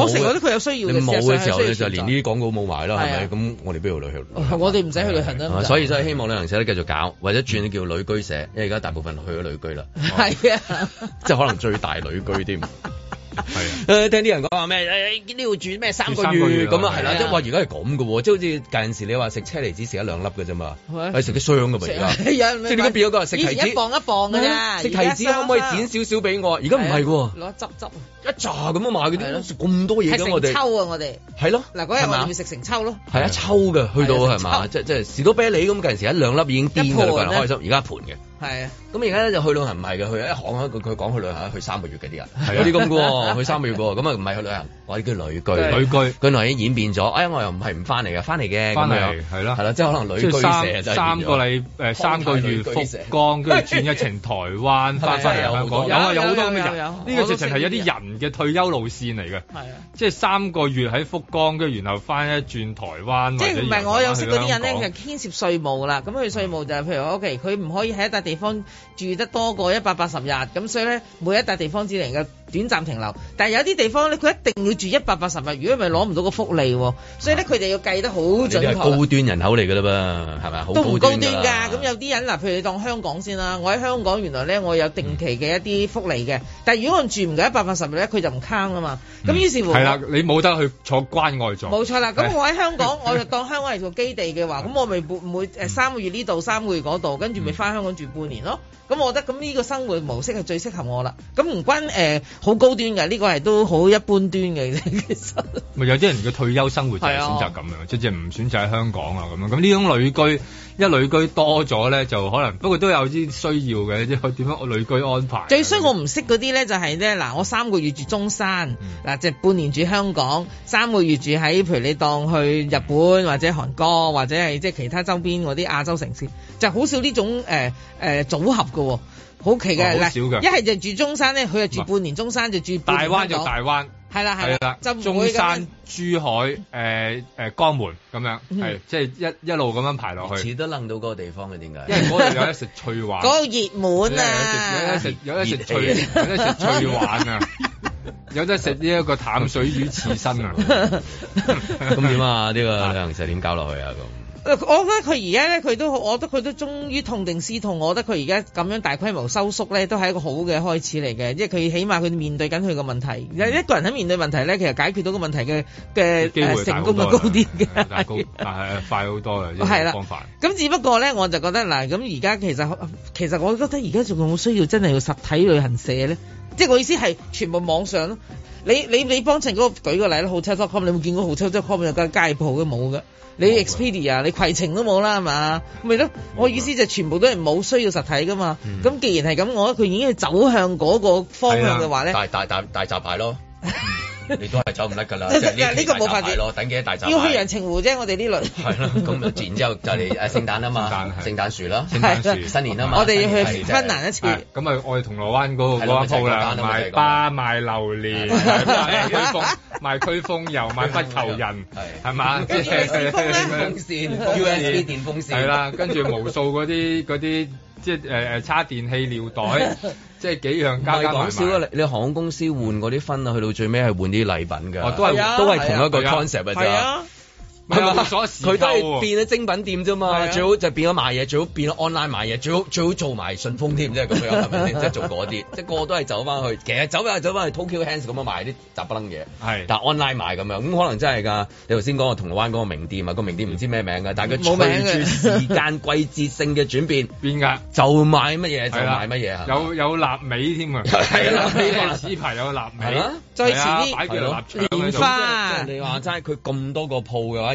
我成日覺得佢有需要的。你冇嘅時候咧，啊、你就連呢啲廣告冇埋咯，係咪？咁、啊啊、我哋邊度旅行？我哋唔使去旅行啦。所以所以希望旅行社咧繼續搞，或者轉叫旅居社，因為而家大部分去咗旅居啦。係啊，即係可能最大旅居添。係， 誒，聽啲人講話咩？誒，呢度煮咩三個月咁啊？係啦，即係話，就是，而家係咁喎！即係好似舊陣時你話食車厘子食一兩粒嘅啫嘛，係食啲雙嘅嘛？而家，即係你邊有個人食提子一放一放嘅啫，食提子可唔可以剪少少俾我？而家唔係喎！攞一執執，一紮咁樣賣嘅，咁多嘢嘅，抽啊，我哋，係咯，嗱嗰日咪食成抽咯，係啊，抽嘅去到係嘛，即係即係士多啤梨咁舊陣時一兩粒已經癲啦，開心，而家盤嘅。係啊，咁而家咧就去旅行唔係嘅，去一行佢佢講去旅行去三個月嘅啲人，係有啲咁嘅喎，去三個月嘅喎，咁啊唔係去、啊、去旅行，我哋叫旅居，旅居佢同已經演變咗，哎我又唔係唔翻嚟嘅，翻嚟嘅，翻嚟係咯係咯，即係可能旅居社就變三,三個禮、呃、三個月福岡，跟住轉一程台灣翻返嚟香港，有啊有好多咁嘅人，呢、呢個直情係一啲人嘅退休路線嚟嘅，係啊，即、就、係、係、三個月喺福岡，跟住然後翻一轉台灣，即係唔係我有識嗰啲人咧，其實牽涉稅務啦，咁佢稅務就係譬如 OK，佢唔可以喺一笪地方住得多過一百八十日，咁所以咧，每一笪地方只能夠。短暫停留，但係有啲地方咧，佢一定要住一百八十日，如果唔係攞唔到個福利喎。所以咧，佢哋要計得好準確。啊、高端人口嚟㗎啦噃，係咪？都唔高端㗎。咁、啊、有啲人嗱，譬如你當香港先啦，我喺香港原來咧，我有定期嘅一啲福利嘅、嗯。但係如果我住唔夠一百八十日咧，佢就唔 count 㗎嘛。咁於是乎係啦，你冇得去坐關外座。冇錯啦。咁我喺香港，我就當香港係個基地嘅話，咁、嗯、我咪每誒三個月呢度、嗯，三個月嗰度，跟住咪翻香港住半年咯。咁、嗯、我覺得咁呢個生活模式係最適合我啦。咁唔關誒。呃好高端嘅，呢、這個係都好一般端嘅。其實，咪 有啲人嘅退休生活就係選擇咁樣，即係唔選擇喺香港啊咁樣。咁呢種旅居，一旅居多咗咧，就可能不過都有啲需要嘅，即係點樣旅居安排？最衰我唔識嗰啲咧， 就係咧嗱，我三個月住中山，嗱即係半年住香港，三個月住喺譬如你當去日本或者韓國或者係即係其他周邊嗰啲亞洲城市，就好、是、少呢種誒誒、呃呃、組合喎、哦。好奇嘅，一、哦、係就住中山咧，佢就住半年中山就住半年大灣就大灣，係啦係啦，中山、珠海、誒、呃、誒、呃、江門咁樣，係即係一一路咁樣排落去，都掕到嗰個地方嘅點解？因為嗰度有得食翠華，嗰 個熱門啊，有得食有得食翠，有得食翠華啊，有得食呢一個淡水魚刺身 啊，咁點啊？呢個旅行社點搞落去啊？咁。我覺得佢而家咧，佢都，我覺得佢都終於痛定思痛。我覺得佢而家咁樣大規模收縮咧，都係一個好嘅開始嚟嘅。即係佢起碼佢面對緊佢個問題、嗯，一個人喺面對問題咧，其實解決到個問題嘅嘅、呃、成功嘅高啲嘅。但係快好多嘅，係、就、啦、是。咁只不過咧，我就覺得嗱，咁而家其實其實我覺得而家仲有冇需要真係要實體旅行社咧，即係我意思係全部網上咯。你你你幫陳哥舉個例啦，hotel.com 你有冇見過 hotel.com 有間街鋪都冇嘅？你 Expedia、你攜程都冇啦，係嘛？咪咯，我意思就全部都係冇需要實體噶嘛。咁、嗯、既然係咁，我覺得佢已經係走向嗰個方向嘅話咧，大大大大閘蟹咯。 你都係走唔甩噶啦，呢個冇法子。要去陽澄湖啫，我哋呢輪。係咯，咁然之後就嚟誒聖誕啊嘛，聖誕樹啦，聖誕樹。新年啊嘛，我哋要去芬蘭一次。咁啊，我哋銅鑼灣嗰個嗰間鋪啦，賣巴賣榴蓮，賣驅風，賣驅風油，賣不求人，係嘛？電風扇，U S B 電風扇，係啦，跟住無數嗰啲嗰啲。即係誒誒，叉電器尿袋， 即係幾樣加加埋埋。講少啦，你你航空公司換嗰啲分啊，去到最尾係換啲禮品嘅哦，都係、啊、都係同一個 concept 嘅啫。係啊，係啊，係啊，係啊佢都係變咗精品店啫嘛，啊，最好就變咗賣嘢，最好變咗 online 賣嘢，最好最好做埋順豐添， 是是就是， 即知係咁樣即係做嗰啲，即係個個都係走翻去，其實走翻去走翻去 Tokyo Hands 咁樣賣啲雜不楞嘢，但 online 賣咁樣，咁可能真係㗎，你頭先講個銅鑼灣嗰個名店啊，個名店唔知咩名㗎，但係佢隨住時間， 時間季節性嘅轉變，變㗎，就賣乜嘢就賣乜嘢啊，有有臘味㗎，係臘味，有臘味，係咯，啊，啊、前你話齋佢咁多個鋪嘅話。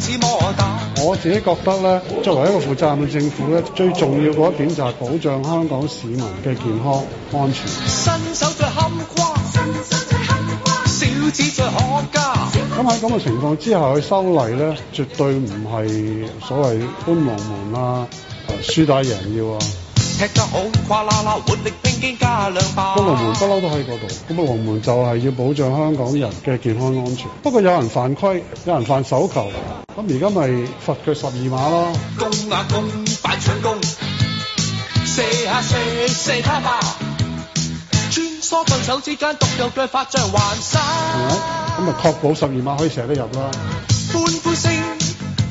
我自己覺得咧，作為一個負責任嘅政府咧，最重要嗰一點就係保障香港市民嘅健康安全。伸手在冚瓜，伸手在冚瓜，小子最可家在可嘉。咁喺咁嘅情況之下，去修例咧，絕對唔係所謂搬龍門啊，輸打贏要啊。踢得好，跨啦啦，活力加兩把。龍門不嬲都喺嗰度，咁啊，龍門就係要保障香港人嘅健康安全。不過有人犯規，有人犯手球，咁而家咪罰佢十二碼咯。攻啊攻，快搶攻！射下、啊射，射，啊、射，射他吧！穿梭雙手之間，獨有腳法像環山。咁、嗯、啊，確保十二碼可以射得入啦。歡呼聲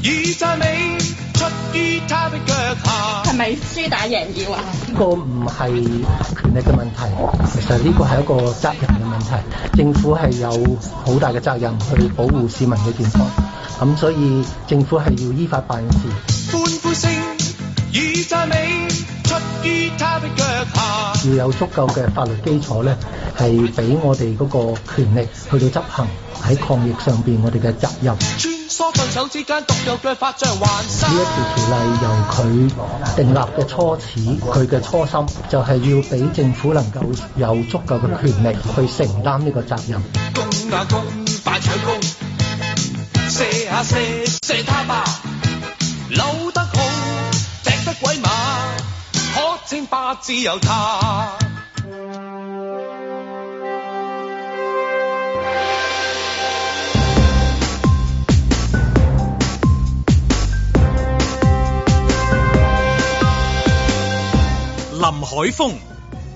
已讚美。出於他的腳下，係咪輸打贏要啊？呢個唔係權力嘅問題，其實呢個係一個責任嘅問題。政府係有好大嘅責任去保護市民嘅健康，咁所以政府係要依法辦事。歡呼聲與讚美出於他的腳下，要有足夠嘅法律基礎咧，係俾我哋嗰個權力去到執行喺抗疫上邊我哋嘅責任。呢一條條例由佢訂立嘅初始，佢嘅初心就係、是、要俾政府能夠有足夠嘅權力去承擔呢個責任。公啊公林海峰、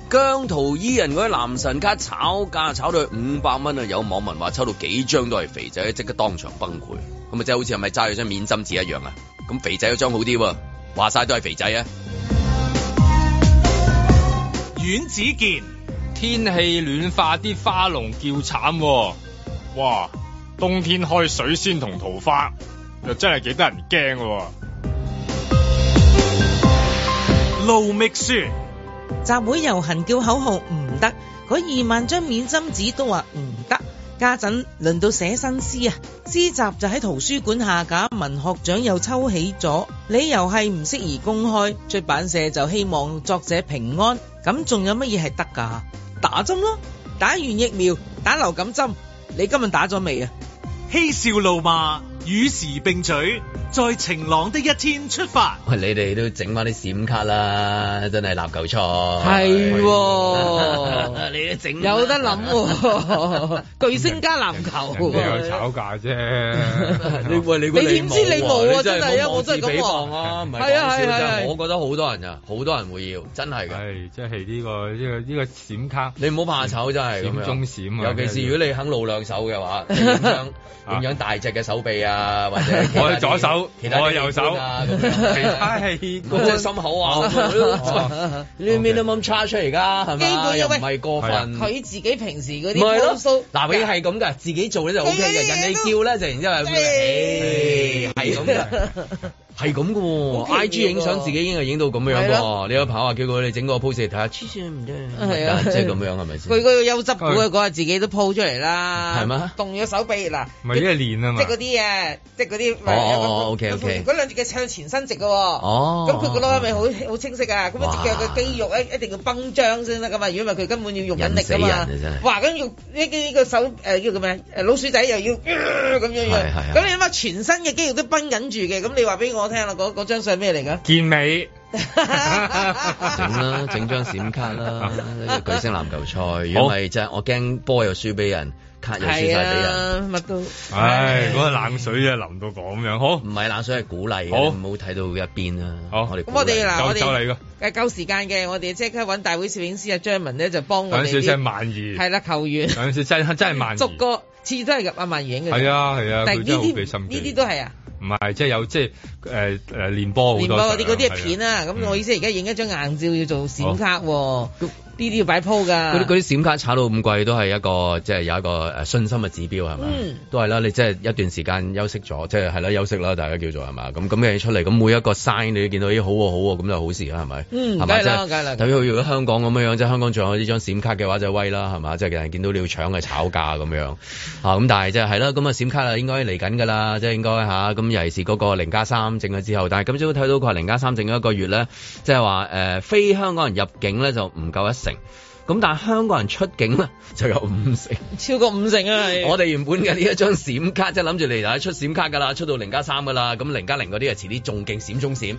姜濤伊人嗰啲男神卡炒價，炒到五百蚊啊！有網民話抽到幾張都係肥仔，即刻當場崩潰。咁啊，即係好似係咪揸咗張免針紙一樣啊？咁肥仔嗰張好啲，話晒都係肥仔啊！阮子健，天氣暖化，啲花農叫慘、啊。哇，冬天開水仙同桃花，又真係幾得人驚嘅、啊。盧覓雪。集會遊行叫口號唔得，嗰二萬張免針紙都話唔得，家陣輪到寫新詩啊，詩集就喺圖書館下架，文學獎又抽起咗，理由係唔適宜公開，出版社就希望作者平安，咁仲有乜嘢係得噶？打針咯，打完疫苗，打流感針，你今日打咗未啊？嬉笑怒罵。與時並取，在晴朗的一天出發。喂，你哋都整翻啲閃卡啦，真係籃球賽。係、哎嗯，你都整有得諗、啊啊，巨星加籃球、啊。你哋炒價啫。你點你，你知你冇啊？真係啊！我真係咁無啊！係啊係啊！我覺得好多人啊，好、哎、多人會要，真係㗎。係、哎，即係呢個呢、這個呢、這個、閃卡，你唔好怕醜真係。閃中閃、啊、尤其是如果你肯露兩手嘅話，點、啊、樣大隻嘅手臂啊！啊，或者我左手，我右手，其他器官心口啊，亂咁都冇叉出嚟噶，係嘛？又唔係過分，佢自己平時嗰啲，咪咯。嗱，你係咁噶，自己做咧就 O K 嘅，人哋叫咧就然之後係咁噶。係咁嘅喎，I G 影相自己已經係影到咁樣嘅喎。啊，你可跑下叫佢哋整個 pose 嚟睇下，黐線唔得，即係咁樣係咪佢嗰個優質嗰個自己都 po 出嚟啦，係嗎？啊？動咗手臂嗱，咪依家練啊嘛，即係嗰啲嘅，即係嗰啲，哦、就是啊啊啊啊啊，OK OK，嗰兩隻腳向前伸直嘅，哦、啊，咁佢個攞咪好好清晰啊，咁一隻腳嘅肌肉咧一定要崩張先得噶嘛，如果唔係佢根本要用力引力噶嘛，哇、啊、咁、啊、用呢啲個手誒、啊、叫做咩誒老鼠仔又要咁、呃、樣、啊、樣，係咁、啊、你諗下、啊、全身嘅肌肉都崩緊住嘅，咁你話俾我。聽啦，嗰嗰張相咩嚟噶？健美，整 啦，整張閃卡啦，巨星籃球賽。如果係真係，我驚波又輸俾人，卡又輸晒俾人，乜、啊、都。唉，嗰、那個冷水啊淋到咁樣，好唔係冷水係鼓勵，唔好睇到一邊啊，好，我哋要我哋嚟噶，夠時間嘅，我哋即刻搵大會攝影師阿張文咧就幫我哋。講少真係萬二，係啦球員，講少真真係萬二，逐個次次都係入阿萬二影嘅，係啊係啊，佢都好俾心機。呢啲都係啊。唔係即係有即係誒誒練波好多，練波嗰啲嗰啲係片啦、啊。咁、啊、我意思而家影一張硬照要做閃卡喎、哦。嗯哦呢啲要擺鋪噶，嗰啲啲閃卡炒到咁貴都係一個即係、就是、有一個誒信心嘅指標係嘛、嗯，都係啦，你即係一段時間休息咗，即係係啦休息啦，大家叫做係嘛？咁咁你嘢出嚟，咁每一個 sign 你都見到啲好喎、哦、好喎、哦，咁就好事啦係咪？嗯，咪？睇到如果香港咁樣樣，即、就、係、是、香港仲有呢張閃卡嘅話就是、威啦係嘛？即係、就是、人見到你要搶係炒價咁樣咁、啊，但係即係係啦，咁、那、啊、個、閃卡啦應該嚟緊㗎啦，即、就、係、是、應該嚇咁、啊、尤其是嗰個零加三整之後，但係今朝睇到佢話零加三整一個月咧，即係話誒非香港人入境咧就唔夠一成咁，但係香港人出境呢，就有五成，超過五成啊！ 我哋原本嘅呢一張閃卡，即係諗住嚟睇出閃卡噶啦，出到零加三噶啦，咁零加零嗰啲啊，遲啲仲勁閃中閃，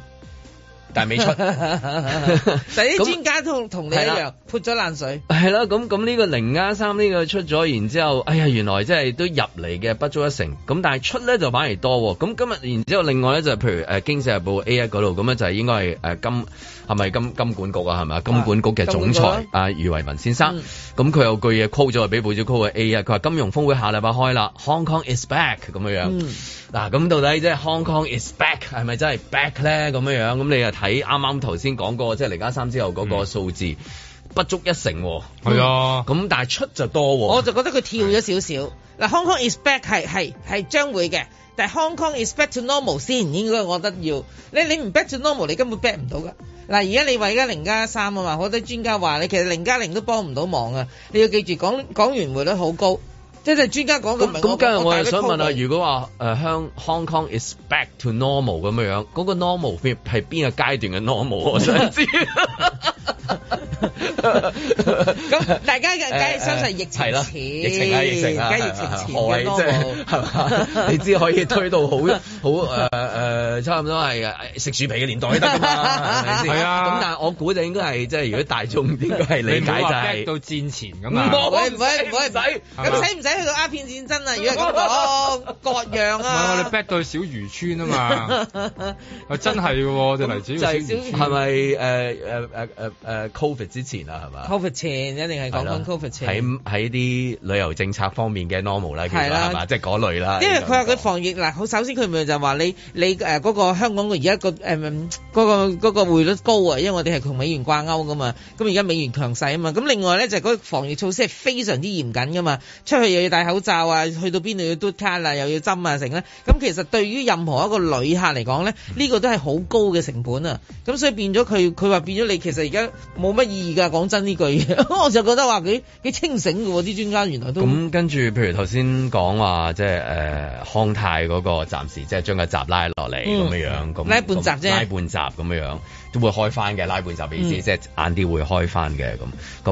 但係未出。第一啲專家都同你一樣潑咗爛水。係啦、啊，咁咁呢個零加三呢個出咗，然之後哎呀，原來即係都入嚟嘅不足一成，咁但係出咧就反而多。咁今日然之後另外咧就係、譬如誒《經、呃、濟日報 A1》A 一嗰度，咁咧就係應該係誒、呃、金。係咪金金管局啊？係咪金管局嘅總裁阿、啊啊啊、余偉文先生咁，佢、嗯、有句嘢 call 咗嚟俾報紙 call 嘅 A 啊，佢話金融峰會下禮拜開啦，Hong Kong is back 咁樣樣嗱。咁、嗯啊、到底即係 Hong Kong is back 係咪真係 back 咧？咁樣樣咁你又睇啱啱頭先講過即係、就是、家三之後嗰個數字、嗯、不足一成係啊，咁、啊、但係出就多、啊。我就覺得佢跳咗少少嗱。Hong Kong is back 係係係將會嘅，但係 Hong Kong is back to normal 先，應該我覺得要你你唔 back to normal 你根本 back 唔到噶。嗱，而家你話而家零加三啊嘛，好多專家話你其實零加零都幫唔到忙啊！你要記住，講講完匯率好高，即係專家講咁。咁咁，今日我係想問啊，如果話香、呃、Hong Kong is back to normal 咁樣樣，嗰個 normal 係邊個階段嘅 normal？我想知。 咁 大家梗係相信是疫情前，前、啊，是，疫情啊疫情啊，梗係疫情前嘅多係你知可以推到好好誒差唔多係食薯皮嘅年代得噶係啊。咁但係我估就應該係即係如果大眾應該係理解就係、是、 到戰前咁啊？唔好唔好唔好唔使咁使唔使去到鴉片戰爭啊？如果咁講各樣啊？唔係你逼到小漁村啊嘛？啊 真係嘅喎，隻例子係咪誒誒誒誒 Covid 之前啊，係嘛？Covid 前一定係講緊 Covid 前喺喺啲旅遊政策方面嘅 normal 啦，係啦，即係嗰類啦。因為佢話佢防疫嗱，首先佢咪就係話你你誒嗰、呃嗰個香港嘅而家個、呃嗰個嗰、嗰個匯率高啊，因為我哋係同美元掛鈎噶嘛。咁而家美元強勢啊嘛。咁另外咧就嗰、係、防疫措施係非常之嚴謹噶嘛。出去又要戴口罩啊，去到邊度要嘟卡、啊、a 又要針啊成，成啦。咁其實對於任何一個旅客嚟講咧，呢、呢個都係好高嘅成本啊。咁所以變咗佢佢話變咗你其實而家。冇乜意義㗎，講真呢句， 我就覺得話幾幾清醒㗎喎，啲專家原來都咁跟住，譬如頭先講話即係誒、呃、康泰嗰個暫時即係將個閘拉落嚟咁樣咁拉半閘啫，拉半閘咁樣都會開翻嘅，拉半閘嘅意思、嗯、即係晏啲會開翻嘅咁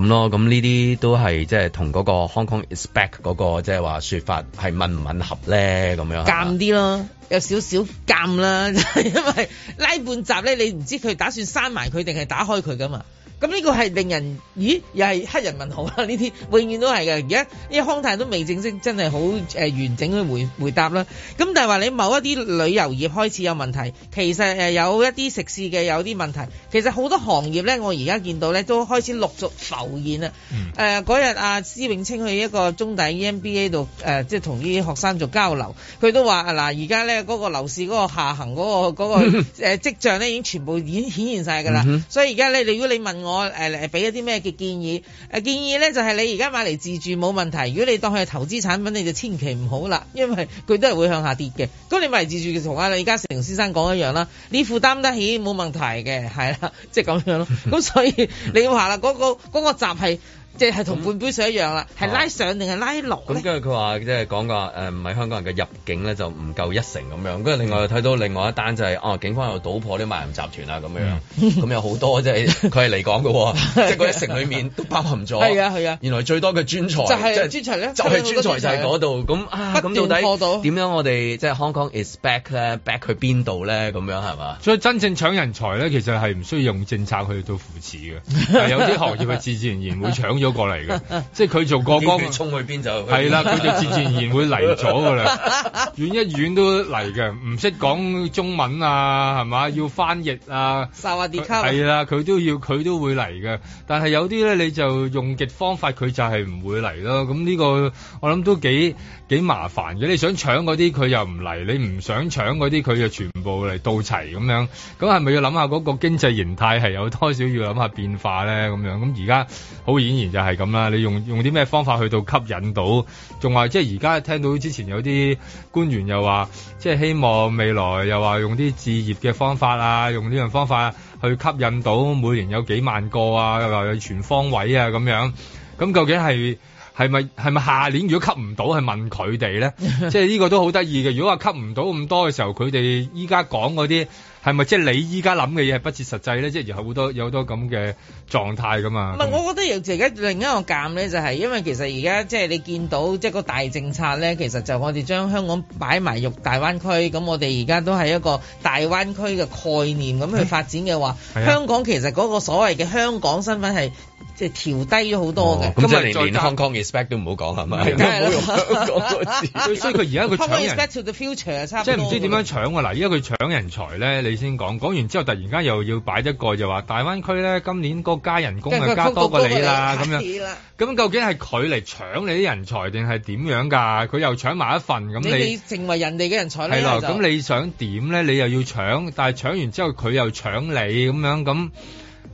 咁咯，咁呢啲都係即係同嗰個 Hong Kong expect 嗰、那個即係話說法係吻唔吻合咧咁樣，尷啲咯，有少少尷啦，因為拉半閘咧，你唔知佢打算閂埋佢定係打開佢㗎嘛？咁呢個係令人咦又係黑人問號啦、啊！呢啲永遠都係嘅。而家啲康泰都未正式真係好誒完整去回回答啦。咁但係話你某一啲旅遊業開始有問題，其實誒、呃、有一啲食肆嘅有啲問題，其實好多行業咧，我而家見到咧都開始陸續浮現啦。誒嗰日阿施永清去一個中大 EMBA 度誒、呃，即係同啲學生做交流，佢都話啊嗱，而家咧嗰個樓市嗰個下行嗰、那個嗰、那個誒、 呃、跡象咧，已經全部顯顯現晒㗎啦。所以而家咧，如果你問我。我誒誒俾一啲咩嘅建議誒建議咧就係、是、你而家買嚟自住冇問題，如果你當佢係投資產品，你就千祈唔好啦，因為佢都係會向下跌嘅。咁你買嚟自住同阿李嘉誠先生講一樣啦，你負擔得起冇問題嘅，係啦，即係咁樣咯。咁所以你話啦、嗰個，嗰、嗰個、嗰個集係。即係同半杯水一樣啦，係拉上定係拉落咁跟住佢話，即係講話誒，唔、啊、係、嗯嗯就是呃、香港人嘅入境咧就唔夠一成咁樣。跟住另外又睇到另外一單就係、是，哦、啊，警方又搗破啲賣淫集團啊咁樣。咁、嗯嗯嗯嗯嗯嗯嗯嗯、 有好多即係佢係嚟講嘅，即係嗰一成裡面 都包含咗。係啊係啊，原來最多嘅、就是啊就是專，就是、專，專才就係專才咧，就係專才就係嗰度。咁咁到底點樣我哋即係 Hong Kong is back 咧？back 去邊度咧？咁樣係嘛？所以真正搶人才咧，其實係唔需要用政策去到扶持嘅，有啲行業係自自然然會搶。咗過嚟嘅，即係佢做過江，衝去邊就係啦，佢就自自然然會嚟咗噶啦，遠 一遠都嚟嘅，唔識講中文啊，係嘛，要翻譯啊，沙瓦迪卡係啦，佢都要，佢都會嚟嘅，但係有啲咧，你就用極方法，佢就係唔會嚟咯。咁呢個我諗都幾幾麻煩嘅，你想搶嗰啲佢又唔嚟，你唔想搶嗰啲佢就全部嚟到齊咁樣，咁係咪要諗下嗰個經濟形態係有多少要諗下變化咧？咁樣咁而家好顯然。又係咁啦，你用用啲咩方法去到吸引到？仲話即係而家聽到之前有啲官員又話，即係希望未來又話用啲置業嘅方法啊，用呢樣方法去吸引到每年有幾萬個啊，又話有全方位啊咁樣。咁究竟係係咪係咪下年如果吸唔到，係問佢哋咧？ 即係呢個都好得意嘅。如果話吸唔到咁多嘅時候，佢哋依家講嗰啲。係咪即係你依家諗嘅嘢係不切實際咧？即係有好多有好多咁嘅狀態噶嘛。唔係，我覺得而家另一個尷咧就係，因為其實而家即係你見到即係個大政策咧，其實就我哋將香港擺埋入大灣區，咁我哋而家都係一個大灣區嘅概念咁去發展嘅話，香港其實嗰個所謂嘅香港身份係。即係調低咗好多嘅，咁、哦、咪連，連 Hong Kong respect 都唔好講係咪？係，唔好用香港多字。所以佢而家佢搶人 Hong Kong respect to the future 差唔多。即係唔知點樣搶㗎、啊、啦？依家佢搶人才呢，你先講。講完之後，突然間又要擺一個就話，大灣區呢，今年個加人工啊加多過你啦咁樣。咁 究竟係佢嚟搶你啲人才定係點樣㗎？佢又搶埋一份咁你，你，你成為人哋嘅人才咧？係咯。咁你想點呢？你又要搶，但係搶完之後佢又搶你咁樣。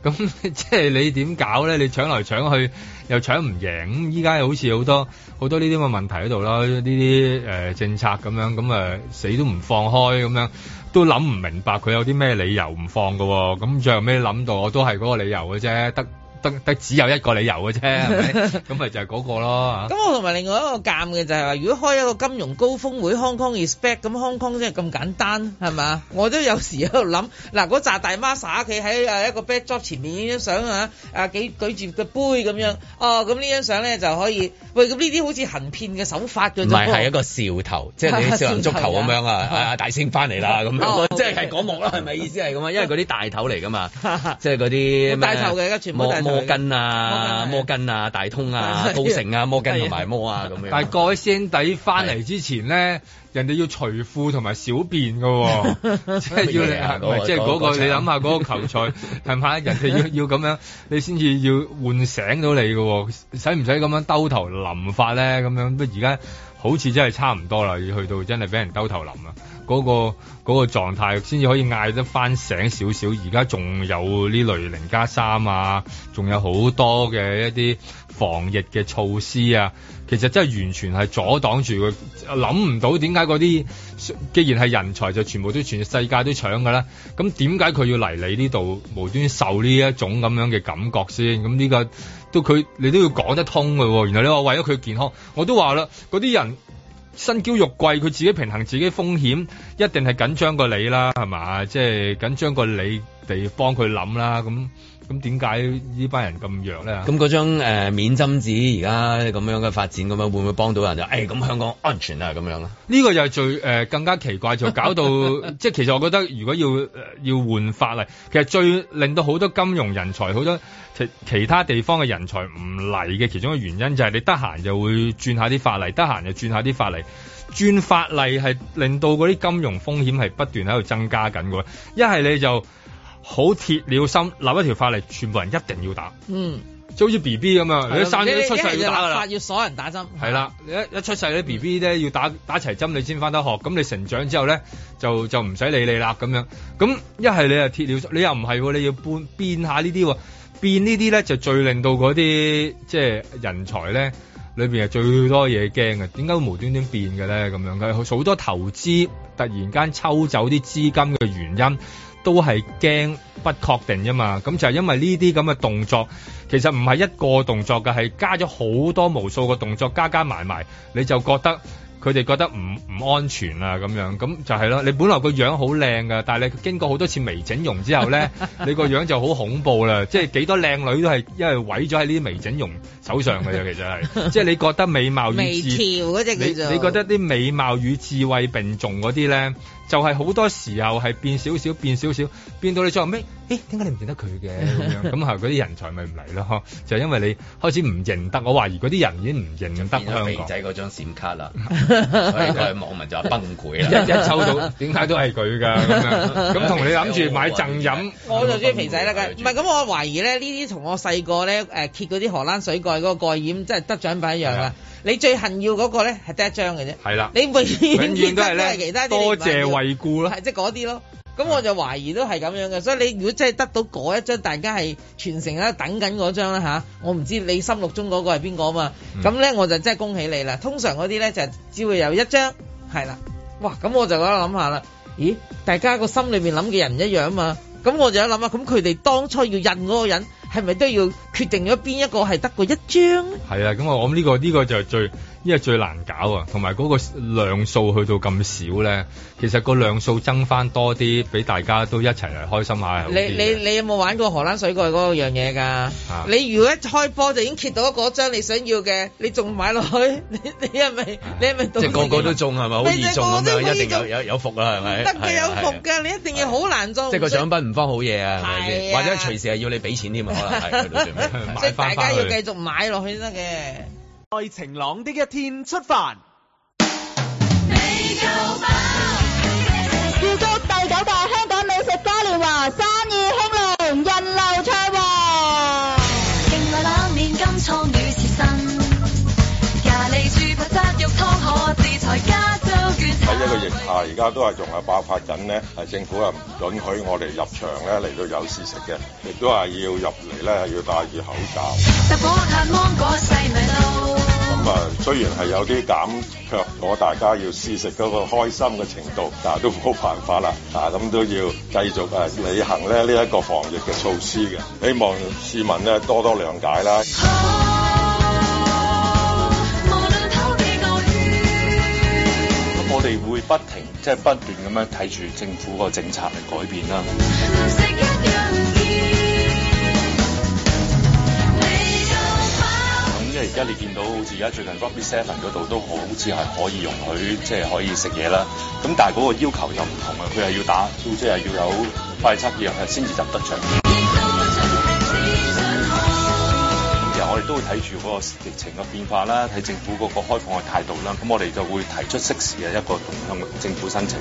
咁 即係你點搞咧？你搶來搶去又搶唔贏，咁依家好似好多好多呢啲咁嘅問題喺度啦，呢啲誒政策咁樣，咁誒死都唔放開咁樣，都諗唔明白佢有啲咩理由唔放㗎喎、哦，咁最後咩諗到，我都係嗰個理由嘅啫，得。得得只有一個理由嘅啫，咁咪 就係嗰個咯。咁 我同埋另外一個鑒嘅就係、是、話，如果開一個金融高峰會，Hong Kong is back，咁 Hong Kong 真係咁簡單係咪？我都有時喺度諗，嗱嗰扎大媽耍企喺一個 backdrop 前面影張相啊，誒幾舉住個杯咁樣，哦咁呢張相咧就可以，喂咁呢啲好似行騙嘅手法嘅，唔係係一個笑頭，即係啲少林足球咁樣 笑啊，啊，大聲翻嚟啦咁樣，即係係嗰幕啦，係咪意思係咁啊？因為嗰啲大頭嚟噶嘛，即係嗰啲大頭嘅全部。摩根啊，摩根啊，大通啊，高盛啊，摩根同埋摩啊咁樣。但係各位師弟翻嚟之前咧，人哋要除褲同埋小便喎、哦，即 係要你，即係嗰個，你諗下嗰個球賽係咪？ 人哋要 要咁樣，你先至要喚醒到你喎、哦。使唔使咁樣兜頭淋法咧？咁樣不而家。好似真係差唔多啦，要去到真係俾人兜頭淋啦，嗰個嗰個狀態先至可以嗌得翻醒少少。而家仲有呢類零加三啊，仲有好多嘅一啲防疫嘅措施啊，其實真係完全係阻擋住佢，諗唔到點解嗰啲。既然係人才就全部都全世界都搶㗎啦。咁點解佢要嚟你呢度無端受呢一種咁樣嘅感覺先？咁呢個都佢你都要講得通㗎喎、哦。然後你話為咗佢健康，我都話啦，嗰啲人身嬌肉貴，佢自己平衡自己風險一定係緊張過你啦，係嘛？即係緊張過你哋幫佢諗啦咁。咁點解呢班人咁弱咧？咁嗰張、呃、免針紙而家咁樣嘅發展，咁樣會唔會幫到人就誒，咁、哎、香港安全啊，咁樣啦呢個就係最誒、呃、更加奇怪，就是、搞到即係 其實我覺得，如果要、呃、要換法例，其實最令到好多金融人才、好多其其他地方嘅人才唔嚟嘅其中一個原因，就係你得閒就會轉下啲法例，得閒就轉下啲法例，轉法例係令到嗰啲金融風險係不斷喺度增加緊嘅。一係你就，好鐵了心立一條法例，全部人一定要打。嗯就 BB，即好似 B B 咁樣，你一生出世要打，一生一生要，打要所有人打針。係啦，你一一出世啲 B B 咧要打打齊針，你先翻得學。咁、嗯、你成長之後咧，就就唔使理你啦咁樣。咁一係你又鐵了心，你又唔係、啊、你要變變下呢啲、啊，變呢啲咧就最令到嗰啲即係人才咧裏邊係最多嘢驚嘅。點解會無端端變嘅咧？咁樣嘅好多投資突然間抽走啲資金嘅原因。都係驚不確定啫嘛，咁就係、是、因為呢啲咁嘅動作，其實唔係一個動作嘅，係加咗好多無數個動作，加加埋埋，你就覺得。佢哋覺得唔唔安全啊，咁樣咁就係咯。你本來個樣好靚噶，但係你經過好多次微整容之後咧， 你個樣就好恐怖啦。即係幾多靚女都係因為毀咗喺呢啲微整容手上嘅啫。其實係， 即係你覺得美貌與智，微調嗰個叫做你，你覺得啲美貌與智慧並重嗰啲咧，就係、是、好多時候係變少少變少少，變到你最後尾，咦、欸，點解你唔認得佢嘅？咁樣，咁係嗰啲人才咪唔嚟咯？就係因為你開始唔認得。我懷疑嗰啲人已經唔認得香港。肥仔嗰張閃卡啦， 所以網民就話崩潰啦。 一抽到，點解都係佢㗎？咁 同你諗住買贈飲，我就中意肥仔啦。唔係，咁我懷疑咧，呢啲同我細個咧誒揭嗰啲荷蘭水蓋嗰個蓋染，即係得獎品一樣啦。你最恨要嗰個咧，係得一張嘅啫。係啦，你永遠都係咧多謝惠顧啦。即係嗰啲咯。咁我就懷疑都係咁樣嘅，所以你如果真係得到嗰一張，大家係全城啦，等緊嗰張啦吓，我唔知你心目中嗰個係邊個啊嘛，咁、嗯、咧我就真係恭喜你啦。通常嗰啲咧就只會有一張，係啦，哇，咁我就喺度諗下啦，咦，大家個心裏面諗嘅人唔一樣啊嘛，咁我就喺度諗，咁佢哋當初要印嗰個人。係咪都要決定咗邊一個係得過一張？係啊，咁我諗呢個呢個就係最，呢個最難搞啊！同埋嗰個量數去到咁少咧，其實個量數增翻多啲，俾大家都一齊嚟開心下。你你你有冇玩過荷蘭水蓋嗰樣嘢㗎？你如果一開波就已經揭到嗰張你想要嘅，你仲買落去？你你係咪？你係咪？即係個個都中係嘛？好易中啊嘛！一定有有有福啦，係咪？得嘅有福㗎，你一定要好難中。即係個獎品唔方好嘢啊，或者隨時係要你俾錢添㗎。 即係大家要繼續買落去先得嘅。在晴朗的一天出發。未夠爆。預祝 第九屆香港美食嘉年華生意興隆。但而家都係仲係爆發緊咧，係政府啊唔允許我哋入場咧嚟到有試食嘅，亦都係要入嚟咧係要戴住口罩。咁啊，雖然係有啲減，卻我大家要試食嗰個開心嘅程度，但係都冇辦法啦。啊，咁都要繼續啊履行咧呢一個防疫嘅措施嘅，希望市民咧多多諒解啦。不停即係、就是、不斷咁樣睇住政府個政策嚟改變啦，嗯。咁即係而家你見到好似而家最近 Rugby Seven 嗰度都好似係可以容許即係、就是、可以食嘢啦。咁但係嗰個要求又唔同啊，佢又要打，即係要有快測驗先至入得場。都會睇住嗰個疫情嘅變化啦，睇政府嗰個開放嘅態度啦，咁我哋就會提出適時嘅一個同向政府申請。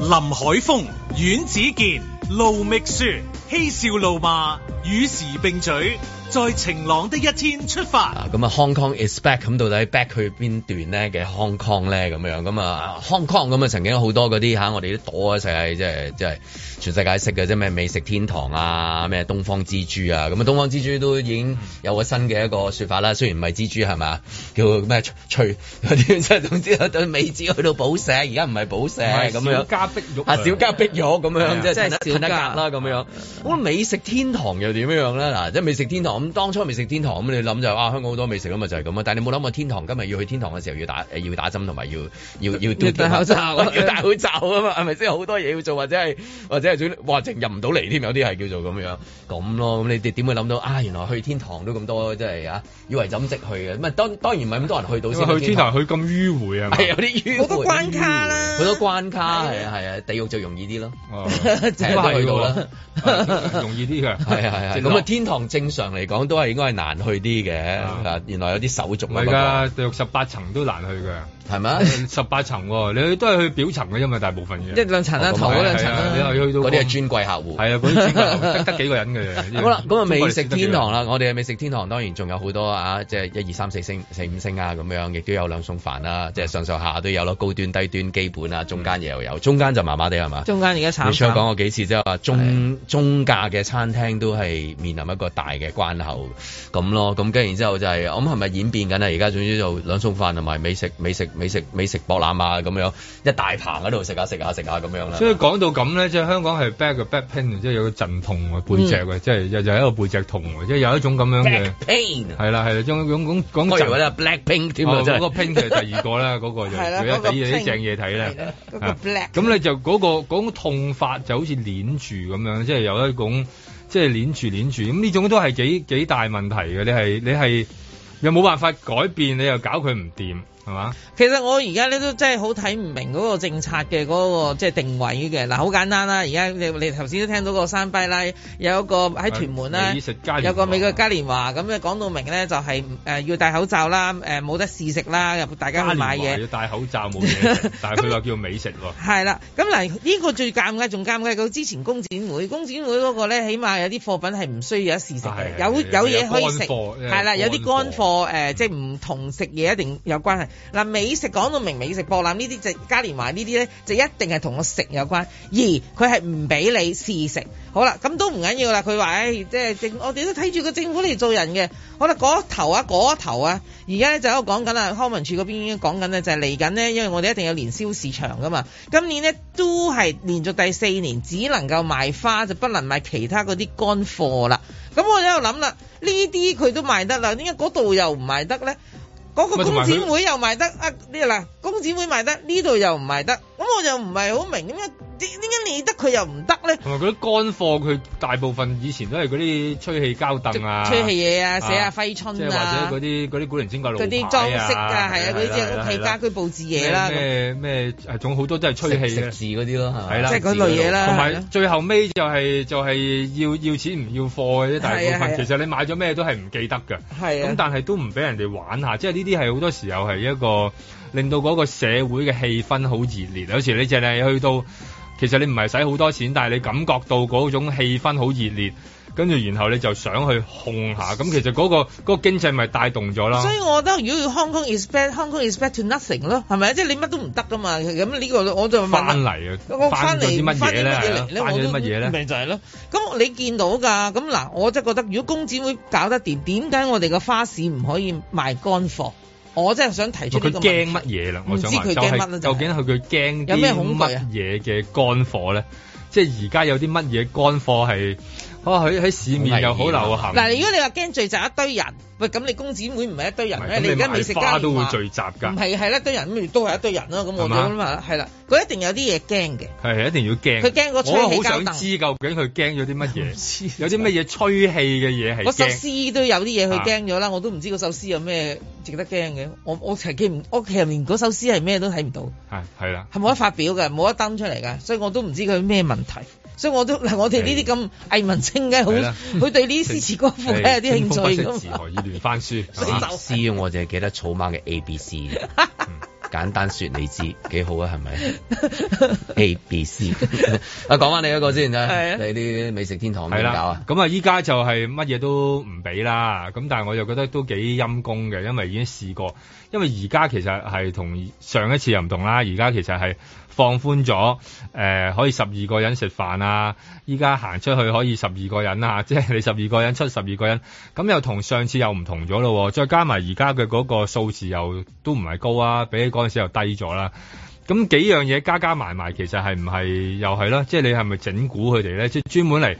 林海峰、阮子健、盧覓雪、嬉笑怒罵。與時並舉，在晴朗的一天出發。咁啊，Hong Kong is back。咁到底 back 去邊段咧嘅 Hong Kong 咧？咁樣咁啊，Hong Kong 咁啊，曾經好多嗰啲吓我哋都躲一世，即係即係全世界識嘅啫。咩美食天堂啊？咩東方之珠啊？咁啊，東方之珠都已經有個新嘅一個說法啦。雖然唔係蜘蛛係咪？叫咩翠即係總之對美字去到寶石，而家唔係寶石咁樣，小家碧玉啊，小家碧玉咁樣即係得格啦咁樣。就是、小家樣美食天堂點樣樣咧？嗱，即係美食天堂咁，當初美食天堂咁，你諗就係、啊、香港好多美食啊嘛，就係咁啊！但係你冇諗過天堂今日要去天堂嘅時候要打，要打誒，要打針同埋要要要戴口罩， 要戴口罩啊嘛，係咪先好多嘢要做，或者係或者係淨入唔到嚟添，有啲係叫做咁樣咁咯。咁你點點會諗到啊？原來去天堂都咁多，即係啊，以為就咁去嘅。咁當當然唔係咁多人去到先去天堂，去咁迂回啊，係有啲迂回。好多關卡啦，好多關卡係啊係啊，地獄就容易啲咯，就、哦、係去到啦，容易啲嘅，係啊係啊。咁啊，天堂正常嚟講都係應該係難去啲嘅。啊，原來有啲手續的。唔係啊，㗎，六十八層都難去㗎。係咪？十八層，哦，你都係去表層嘅，因為大部分嘅一兩層啦，頭嗰兩層，你又去到嗰啲係專櫃客戶，係啊，得得 幾個人嘅好啦，咁啊美食天堂啦，我哋嘅美食天堂當然仲有好多啊，即係一二三四星、四五星啊咁樣，亦都有兩餸飯啦，即係上上下下都有咯，高端、低端、基本啊，中間又有，嗯、有，中間就麻麻地係嘛？中間而家炒飯，你 share 講過幾次啫？話中中價嘅餐廳都係面臨一個大嘅關口咁咯，咁跟然之後就係、是，咁係咪演變緊啊？而家總之就兩餸飯同埋美食，美食。美食美食博覽啊，咁樣一大棚喺度食下食下食下，咁、啊啊、樣啦。所以講到咁咧，即係香港係 back back pain，即係有個陣痛背脊嘅，嗯、即係又就係、是、一個背脊痛，即係有一種咁樣嘅 pain。係啦係啦，種種講講陣嘅 black pink 添啊，嗰、哦那個 pain 係第二個咧，嗰 個就俾啲正嘢睇咧。咁 你、那個、你就嗰、那個那個痛法就好似綁住咁樣，即係有一種即係綁住綁住。咁、嗯、呢種都係幾幾大問題嘅。你係你係又冇辦法改變，你又搞佢唔掂。係嘛？其實我而家咧都真係好睇唔明嗰個政策嘅嗰、那個即係定位嘅嗱，好、啊、簡單啦。而家你你頭先都聽到個山批啦，有一個喺屯門啦，食有個美國嘉年華咁咧、嗯，講到明咧就係、是呃、要戴口罩啦，冇、呃、得試食啦，大家去買嘢。要戴口罩冇嘢， 但係佢話叫美食喎。係啦，咁嗱呢個最尷尬，仲尷尬過之前工展會。工展會嗰個咧，起碼有啲貨品係唔需要一試食嘅，啊，有有嘢可以食。係啦，有啲乾貨誒、嗯，即係唔同食嘢一定有關係。嗱，美食講到明美食博覽呢啲、就嘉年華呢啲呢就一定係同我食有關，而佢係唔俾你試食。好啦，咁都唔緊要啦。佢話誒，即係政我哋都睇住個政府嚟做人嘅。好啦，嗰頭啊，嗰頭啊，而家呢就喺度講緊啦，康文署嗰邊已經講緊呢，就係嚟緊呢，因為我哋一定要年宵市場噶嘛。今年呢都係連續第四年只能夠賣花，就不能賣其他嗰啲乾貨啦。咁我哋喺度諗啦，呢啲佢都賣得啦，點解嗰度又唔賣得呢？我個工展會又賣得啊！啲嗱工展會賣得呢度又唔賣得，咁我就唔係好明點解點解你得佢又唔得咧？同埋嗰啲乾貨，佢大部分以前都係嗰啲吹氣膠凳啊，吹氣嘢啊，寫下揮春啊，或者嗰啲啲古靈精怪老，嗰啲裝飾啊，係啊，嗰隻屋企家居佈置嘢啦，咩咩總好多都係吹氣嘅，字嗰啲咯，係、yeah, 咪？即係嗰類嘢啦。同埋最後尾就係就係要要錢唔要貨嘅啲大部分，其實你買咗咩都係唔記得㗎，係啊，咁但係都唔俾人哋玩下，即係呢啲。啲係好多時候係一個令到嗰個社會嘅氣氛好熱烈，有時你淨係去到，其實你唔係使好多錢，但係你感覺到嗰種氣氛好熱烈。跟住，然後你就想去控下，咁其實嗰個嗰個經濟咪帶動咗啦。所以我覺得如果要香港 expect，香港 expect to nothing 咯，係咪？即係你乜都唔得噶嘛。咁呢個我就問翻嚟啊，翻嚟啲乜嘢咧？翻咗乜嘢咧？就係咯。咁你見到㗎？咁嗱，我真係覺得如果工展會搞得掂，點解我哋個花市唔可以賣乾貨？我真係想提出呢個問題。佢驚乜嘢啦？我想知佢驚乜係究竟佢驚有咩恐怖嘢嘅乾貨咧？即係而家有啲乜嘢乾貨係？哦，喺市面又好流行。嗱，如果你話驚聚集一堆人，喂，咁你公子會唔係一堆人咧？你而家美食家都會聚集噶，唔係係一堆人，都係一堆人咯。咁我咁啊，係啦，佢一定有啲嘢驚嘅。係一定要驚。佢驚個吹氣膠凳。我好想知究竟佢驚咗啲乜嘢，有啲乜嘢吹氣嘅嘢係。首詩都有啲嘢佢驚咗啦，我都唔知嗰首詩有咩值得驚嘅。我我成屋企入面嗰首詩係咩都睇唔到。係係啦。係冇得發表嘅，冇得登出嚟嘅，所以我都唔知佢咩問題。所以我都嗱，我哋呢啲咁藝文青年，好佢對呢啲詩詞歌賦呢有啲興趣咁。何以亂翻書？詩我淨係記得草蜢嘅 A B C，簡單 說你知幾好啊？係咪？A B C，啊講翻你嗰個先啊，你啲美食天堂點搞啊？咁啊，依家就係乜嘢都唔俾啦。咁但係我又覺得都幾陰功嘅，因為已經試過。因為而家其實係同上一次又唔同啦。而家其實係。放寬咗，誒、呃、可以十二個人食飯啊！依家行出去可以十二個人啊，即係你十二個人出十二個人，咁又同上次又唔同咗咯。再加埋而家嘅嗰個數字又都唔係高啊，比起嗰陣時又低咗啦。咁幾樣嘢加加埋埋，其實係唔係又係咯？即係你係咪整蠱佢哋咧？即係專門嚟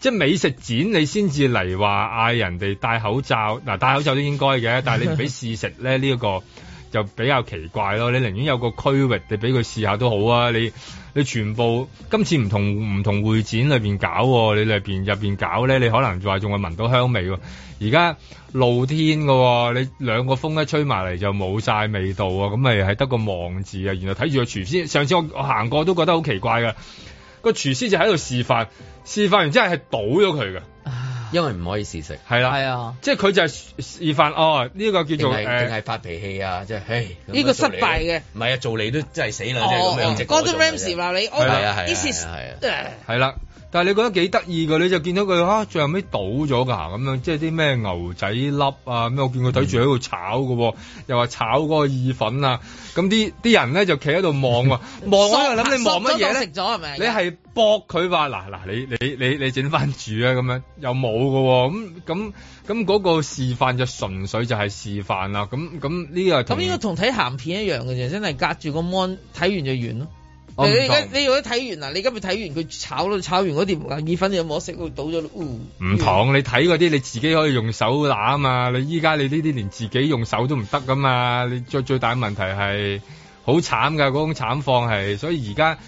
即係美食展，你先至嚟話嗌人哋戴口罩。嗱、啊，戴口罩都應該嘅，但係你唔俾試食咧，呢、這、一個。就比較奇怪咯，你寧願有個區域，你俾佢試下都好啊！你你全部今次唔同唔同會展裏面搞喎，你裏面入面搞咧，你可能話仲會聞到香味喎。而家露天喎，你兩個風一吹埋嚟就冇晒味道啊！咁咪係得個望字啊，然後睇住個廚師。上次我我行過都覺得好奇怪㗎。個廚師就喺度示範，示範完之後係倒咗佢㗎。因為唔可以試食，係啦、啊，係啊，即係佢就係示範哦，呢、這個叫做誒，定係、呃、發脾氣啊！即係嘿呢、這個失敗嘅，唔係啊，做你都真係死啦，即係咁樣 Golden Ramsy 話你，佢、哦、係啊，係啊，係啊，係啦、啊。但你覺得幾得意㗎？你就見到佢嚇、啊、最後尾倒咗㗎，咁樣即係啲咩牛仔粒啊咩？我見佢睇住喺度炒嘅，嗯、又話炒個意粉啊，咁啲啲人咧就企喺度望喎，望、啊、 我諗你望乜嘢咧？你係駁佢話嗱嗱，你你你你整翻住啊咁樣，又冇㗎喎，咁咁咁嗰個示範就純粹就係示範啦。咁咁呢個咁應該同睇鹹片一樣嘅啫，真係隔住個 mon 睇完就完咯。你而家你如果睇完嗱，你今日睇完佢炒到炒完嗰碟意粉有冇食到，倒咗咯。唔同，哦，你睇嗰啲你自己可以用手攬嘛。你依家你呢啲連自己用手都唔得噶嘛。你最最大問題係好慘噶，嗰種慘況係，所以而家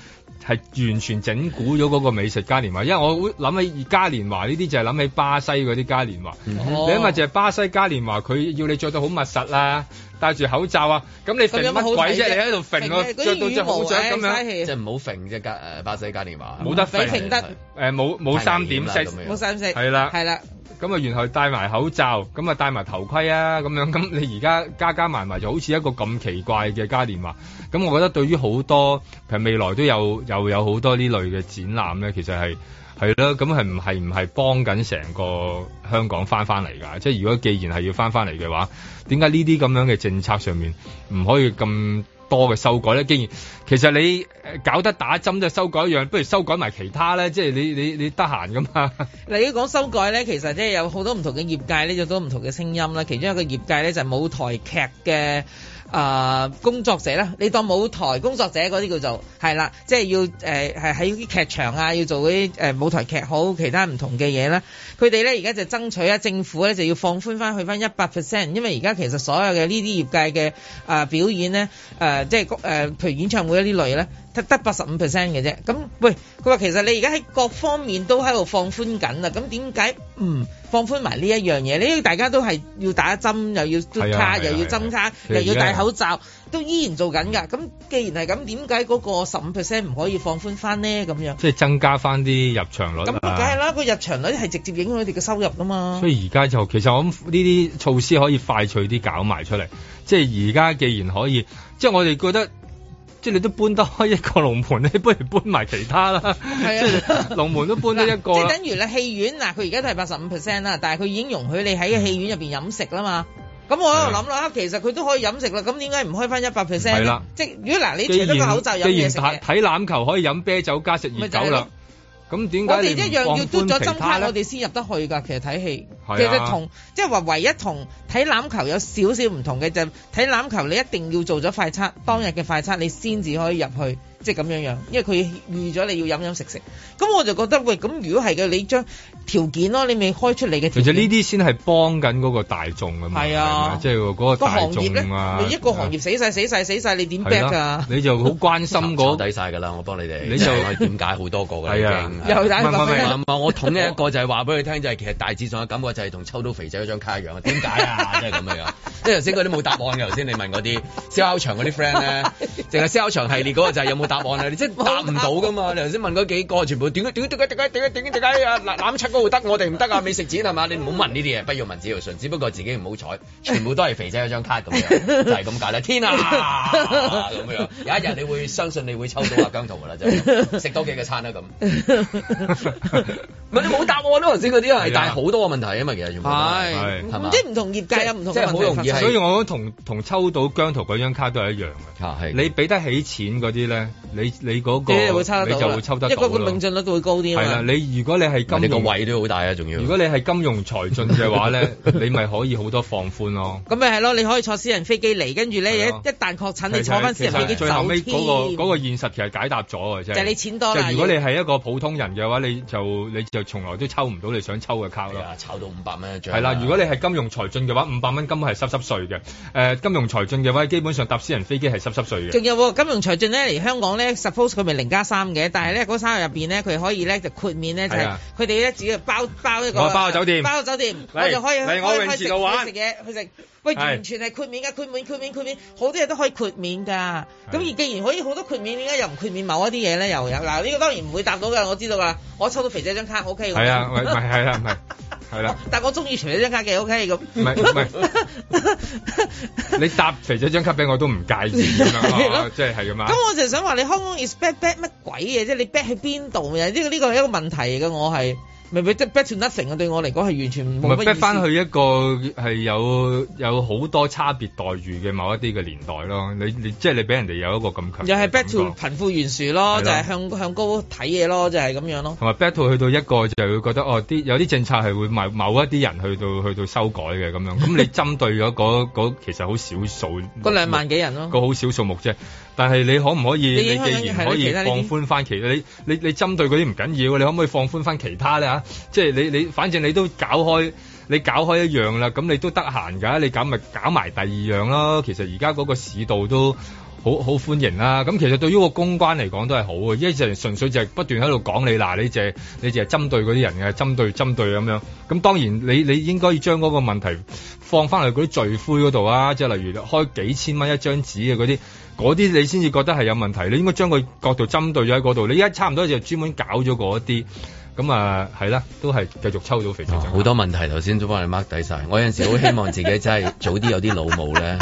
係完全整蠱咗嗰個美食嘉年華。因為我諗起嘉年華呢啲就係諗起巴西嗰啲嘉年華。你諗下就係巴西嘉年華，佢要你着得好密實啦。戴住口罩啊！咁你揈乜鬼啫？你喺度揈我着到真係好衰咁、啊、樣，即係唔好揈啫！誒巴西嘉年華，冇得揈得冇冇三點式冇三色，係啦係啦。咁啊，然後戴埋口罩，咁啊戴埋頭盔啊，咁樣咁你而家加加埋埋就好似一個咁奇怪嘅嘉年華。咁我覺得對於好多其實未來都有又有好多呢類嘅展覽咧，其實係。係啦，咁係唔係唔係幫緊成個香港翻翻嚟㗎？即係如果既然係要翻翻嚟嘅話，點解呢啲咁樣嘅政策上面唔可以咁多嘅修改咧？既然其實你搞得打針即係修改一樣，不如修改埋其他咧，即係你你你得閒㗎嘛？嗱，如果講修改咧，其實即係有好多唔同嘅業界呢，有好多唔同嘅聲音啦。其中一個業界咧就係舞台劇嘅。啊、呃，工作者啦，你當舞台工作者嗰啲叫做係啦，即係要誒係喺啲劇場啊，要做嗰啲誒舞台劇好，其他唔同嘅嘢咧，佢哋咧而家就爭取啊，政府咧就要放寬翻去翻一百 percent，因為而家其實所有嘅呢啲業界嘅啊、呃、表演咧誒，即係誒，譬如演唱會一啲類咧。得得八十五 percent 嘅啫，咁喂佢話其實你而家喺各方面都喺度放寬緊啦，咁點解唔放寬埋呢一樣嘢？呢大家都係要打針，又要篤卡、啊啊，又要針卡、啊啊，又要戴口罩，都依然做緊噶。咁既然係咁，點解嗰個十五 percent 唔可以放寬翻呢？咁樣即係增加翻啲入場率、啊。咁梗係啦，個入場率係直接影響佢哋嘅收入噶嘛。所以而家就其實我諗呢啲措施可以快脆啲搞埋出嚟。即係而家既然可以，即係我哋覺得。即係你都搬得開一個龍門，你不如搬埋其他啦。係 啊是的， 龍門都搬得一個。 即係等於咧戲院嗱，佢而家都係八十五 percent 啦，但係佢已經容許你喺戲院入邊飲食啦嘛。咁我喺度諗啦，其實佢都可以飲食啦。咁點解唔開翻一百 percent 啦。即如果嗱，你除咗個口罩飲嘢食，睇籃球可以飲啤酒加食熱狗啦。咁點解我哋一樣要嘟咗針卡，我哋先入得去㗎？其實睇戲。啊、其實同即係話唯一同睇籃球有少少唔同嘅就睇、是、籃球你一定要做咗快測，當日嘅快測你先至可以入去即係咁樣樣，因為佢預咗你要飲飲食食。咁我就覺得喂，咁如果係嘅，你將條件咯，你未開出嚟嘅其實呢啲先係幫緊嗰個大眾啊嘛，係啊，即係嗰個大眾咧，咪、啊、一個行業死晒、啊、死晒、死晒，你點 back 㗎？你就好關心嗰底晒㗎啦，我幫你哋。你就點解好多個㗎？已經唔我同一一個就係話俾你聽， 就係其實大致上嘅感覺。就係同抽到肥仔嗰張卡一樣啊，點解啊？真係咁樣樣。即頭先嗰啲冇答案嘅，頭先你問嗰啲燒烤場嗰啲 friend 咧，淨係燒烤場系列嗰個就係有冇答案啊？你即答唔到噶嘛？你頭先問嗰幾個全部點點點點點點點點啊，攬七個都得，我哋唔得啊！美食展係嘛？你唔好問呢啲嘢，不要問只要信，只不過自己唔好彩，全部都係肥仔嗰張卡咁樣，就係咁解啦！天啊咁、啊啊、有一日你會相信你會抽到阿姜濤噶啦，係、就、食、是、食多幾個餐啦咁。唔係你冇答案咯，頭先嗰啲係，但係好多個問題啊嘛，其實要係係即唔同業界啊，唔同即係好容易。所以我覺得同同抽到姜濤嗰張卡都係一樣嘅，你俾得起錢嗰啲咧，你你嗰個你就會抽得到啦，一個個命中率都會高啲，啊。係啦，你如果你係金融，個位都好大啊，仲要。如果你係金融才俊嘅話咧， 你咪可以好多放寬咯。咁咪係咯，你可以坐私人飛機嚟，跟住咧一一旦確診，你坐翻私人飛機最後尾嗰，那個嗰，那個那個現實其實解答咗啊，真，就，係，是。就係，你錢多了。就如果你係一個普通人嘅話，你就你就從來都抽唔到你想抽嘅卡咯。炒到五百蚊一張。係啦，如果你係金融才俊嘅話，五百蚊根本係濕濕稅嘅，誒金融才俊嘅話，基本上搭私人飛機係濕濕碎嘅。仲有喎，金融才俊咧嚟香港咧，suppose 佢咪零加三嘅，但係咧嗰三日入邊咧，佢可以咧就豁免咧就係，佢哋咧只要包包一個包個酒店，包個酒店，我就可以，我可以，吃可以吃去去食嘢去食，喂，完全係豁免嘅，豁免豁免豁免，好多嘢都可以豁免㗎。咁而既然可以好多豁免，點解又唔豁免某一啲嘢咧？又有嗱，呢、這個當然唔會答到㗎，我知道㗎。我一抽到肥仔張卡，O K 㗎。係、OK、啊，咪咪係啦，咪、 啊。 係啦、哦，但係我中意除咗張，OK, 張卡嘅 O K 咁。唔係唔係，你答除咗張卡俾我都唔介意咁嘛，即係係咁啊。咁、就係就係、我就想話你，香港 is back back 乜鬼嘢？即係你 back 喺邊度呀？呢、呢個呢係、呢個、一個問題嘅，我係。咪咪即係 back to nothing 啊！對我嚟講係完全冇乜。咪 back 翻去一個係有有好多差別待遇嘅某一啲嘅年代咯。你你即係你俾人哋有一個咁強。又係 back to 貧富懸殊咯，就係向，是，向向高睇嘢咯，就係、是、咁樣咯。同埋 back to 去到一個就會覺得哦，啲有啲政策係會某某一啲人去到去到修改嘅咁樣。咁你針對咗嗰嗰其實好少數，嗰兩萬幾人咯，嗰好少數目啫。但係你可唔可以？你既然可以放寬翻其他，你你你針對嗰啲唔緊要，你可唔可以放寬翻其他咧吓，即係你你反正你都搞開，你搞開一樣啦，咁你都得閒㗎，你搞咪搞埋第二樣咯。其實而家嗰個市道都。好好歡迎啦、啊！咁其實對於個公關嚟講都係好嘅，因為就純粹就係不斷喺度講你，嗱，你就你就係針對嗰啲人嘅，針對針對咁樣。咁當然你你應該要將嗰個問題放返去嗰啲罪魁嗰度啊，即係例如開幾千蚊一張紙嘅嗰啲，嗰啲你先至覺得係有問題。你應該將個角度針對咗喺嗰度。你而家差唔多就專門搞咗嗰啲。咁、嗯、啊，係啦，都係繼續抽咗肥腸。好、哦、多問題。頭先都幫你 mark 底晒，我有陣時好希望自己真係早啲有啲老母咧，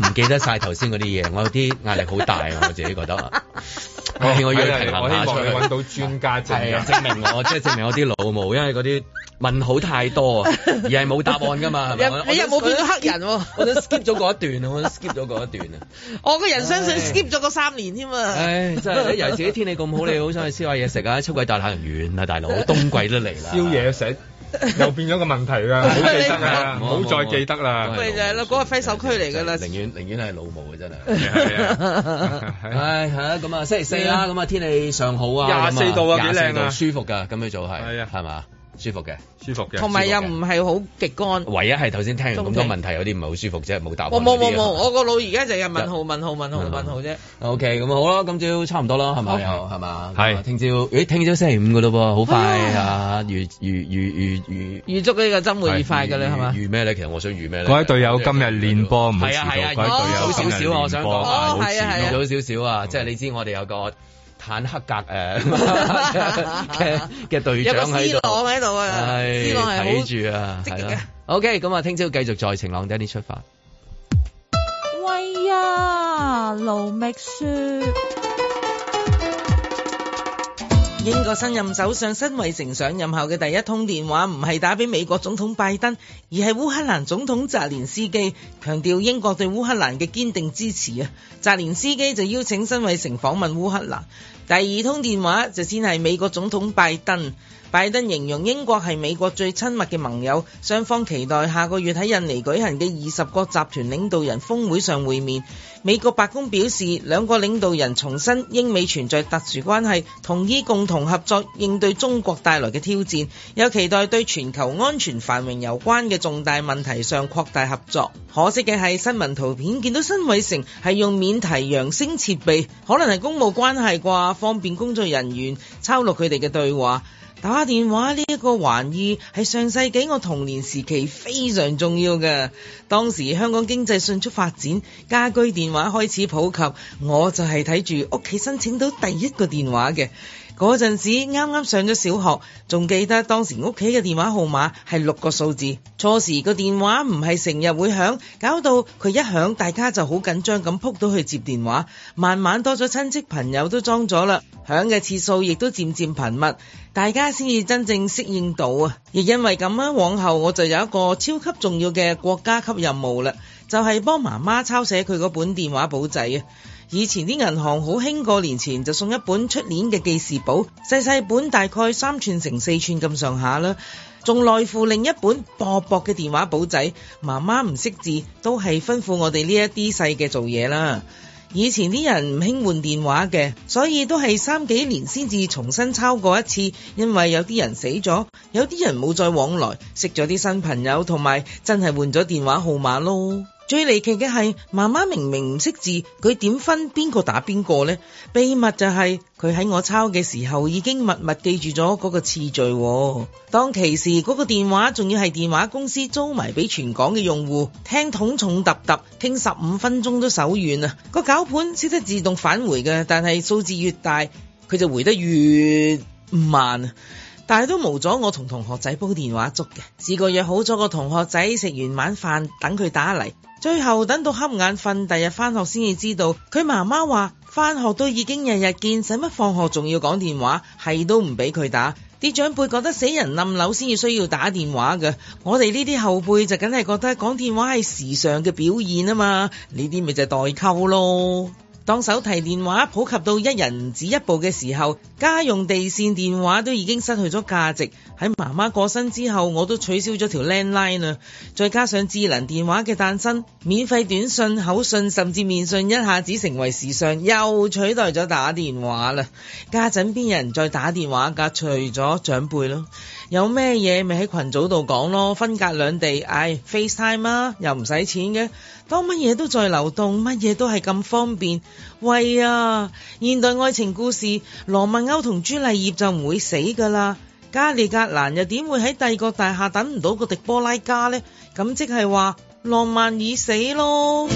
唔 記得晒頭先嗰啲嘢。我有啲壓力好大，啊，我自己覺得。啊、哦哎，我希望你揾到專家證 證明我，即係證明我啲老母，因為嗰啲。問好太多啊，而係冇答案㗎嘛， 你又冇變到黑人喎？我都 skip 咗嗰一段，我都 skip 咗嗰一段啊。我個 人相信 skip 咗嗰三年添啊！ 唉，真係咧，尤其係天氣咁好，你好想去燒下嘢食啊！秋季大流行完啊，大佬，冬季都嚟啦。燒嘢食又變咗個問題啦，啊，唔 記得啊，唔好再記得啦。咪、那個、就係咯，嗰個揮手區嚟㗎啦。寧願，寧願係老母㗎真係。係，係啊，咁啊，星期四啦，咁啊，天氣尚好啊，廿四度啊，幾靚啊，舒服㗎，咁樣做係，係 啊，係嘛？舒服嘅，舒服嘅，同埋又唔係好極乾。唯一係頭先聽完咁多問題，有啲唔係好舒服啫，冇答。冇冇冇我個腦而家就係問號問號、啊、問號、啊、問號啫。OK，咁好啦，今朝差唔多啦，係咪？又係嘛？係。聽朝誒，聽朝星期五噶咯噃，好是啊是啊、哎、呀快啊，啊！預預預預預預祝呢個周末愉快噶啦，係嘛？預咩咧、啊啊嗯？其實我想預咩咧？嗰啲隊友今日練波唔遲到，嗰位隊友好少少，啊。我想講啊，好遲到少少啊，即係你知我哋有個。坦克格誒嘅嘅隊長喺度，有個 C 朗喺度，睇住啊。OK，咁啊，聽朝繼續在晴朗的一天出發。喂啊，盧覓雪。英國新任首相辛偉誠上任後嘅第一通電話唔係打俾美國總統拜登，而係烏克蘭總統澤連斯基，強調英國對烏克蘭嘅堅定支持啊！澤連斯基就邀請辛偉誠訪問烏克蘭。第二通電話就先係美國總統拜登。拜登形容英國係美國最親密嘅盟友，雙方期待下個月喺印尼舉行嘅二十國集團領導人峰會上會面。美國白宮表示，兩國領導人重申英美存在特殊關係，同意共同合作應對中國帶來嘅挑戰，又期待對全球安全繁榮有關嘅重大問題上擴大合作。可惜嘅係，新聞圖片見到辛偉誠係用免提揚聲設備，可能係公務關係啩，方便工作人員抄錄佢哋嘅對話。打電話呢一個玩意係上世紀我童年時期非常重要嘅。當時香港經濟迅速發展，家居電話開始普及，我就係睇住屋企申請到第一個電話嘅。嗰陣時啱啱上咗小學，仲記得當時屋企嘅電話號碼係六個數字。初時個電話唔係成日會響，搞到佢一響，大家就好緊張咁撲到去接電話。慢慢多咗親戚朋友都裝咗啦，響嘅次數亦都漸漸頻密，大家先至真正適應到啊！亦因為咁樣，往後我就有一個超級重要嘅國家級任務啦，就係幫媽媽抄寫佢嗰本電話簿仔啊！以前啲銀行好興過年前就送一本出年嘅記事簿，細細本大概三吋乘四吋咁上下啦，仲內附另一本薄薄嘅電話簿仔。媽媽唔識字都係吩咐我哋呢一啲細嘅做嘢啦。以前啲人唔興換電話嘅，所以都係三幾年先至重新抄過一次，因為有啲人死咗，有啲人冇再往來，識咗啲新朋友同埋真係換咗電話號碼咯。最離奇嘅係，媽媽明明唔識字，佢點分邊個打邊個呢？秘密就係佢喺我抄嘅時候已經默默記住咗嗰個次序。當其時嗰個電話仲要係電話公司租埋俾全港嘅用戶，聽筒重揼揼，聽十五分鐘都手軟啊！個攪盤識得自動返回嘅，但係數字越大，佢就回得越慢。但係都冇咗我同同學仔煲電話粥嘅，試過約好咗個同學仔食完晚飯等佢打嚟。最後等到瞌眼瞓，第日翻學先至知道佢媽媽話，翻學都已經日日見，使乜放學仲要講電話？係都唔俾佢打。啲長輩覺得死人冧樓先至需要打電話㗎。我哋呢啲後輩就梗係覺得講電話係時尚嘅表現啊嘛，呢啲咪就代溝咯。當手提電話普及到一人只一部嘅時候，家用地綫電話都已經失去咗價值。喺媽媽過身之後，我都取消咗條 landline 啦。再加上智能電話嘅誕生，免費短信、口信甚至面信一下子成為時尚，又取代咗打電話啦。家陣邊有人再打電話㗎？除咗長輩咯。有咩嘢咪喺群組度講咯，分隔兩地，唉，FaceTime 啦，啊、又唔使錢嘅，當乜嘢都在流動，乜嘢都係咁方便，喂啊！現代愛情故事，羅密歐同朱麗葉就唔會死噶啦，加利格蘭又點會喺帝國大廈等唔到個迪波拉加呢？咁即係話，浪漫已死咯。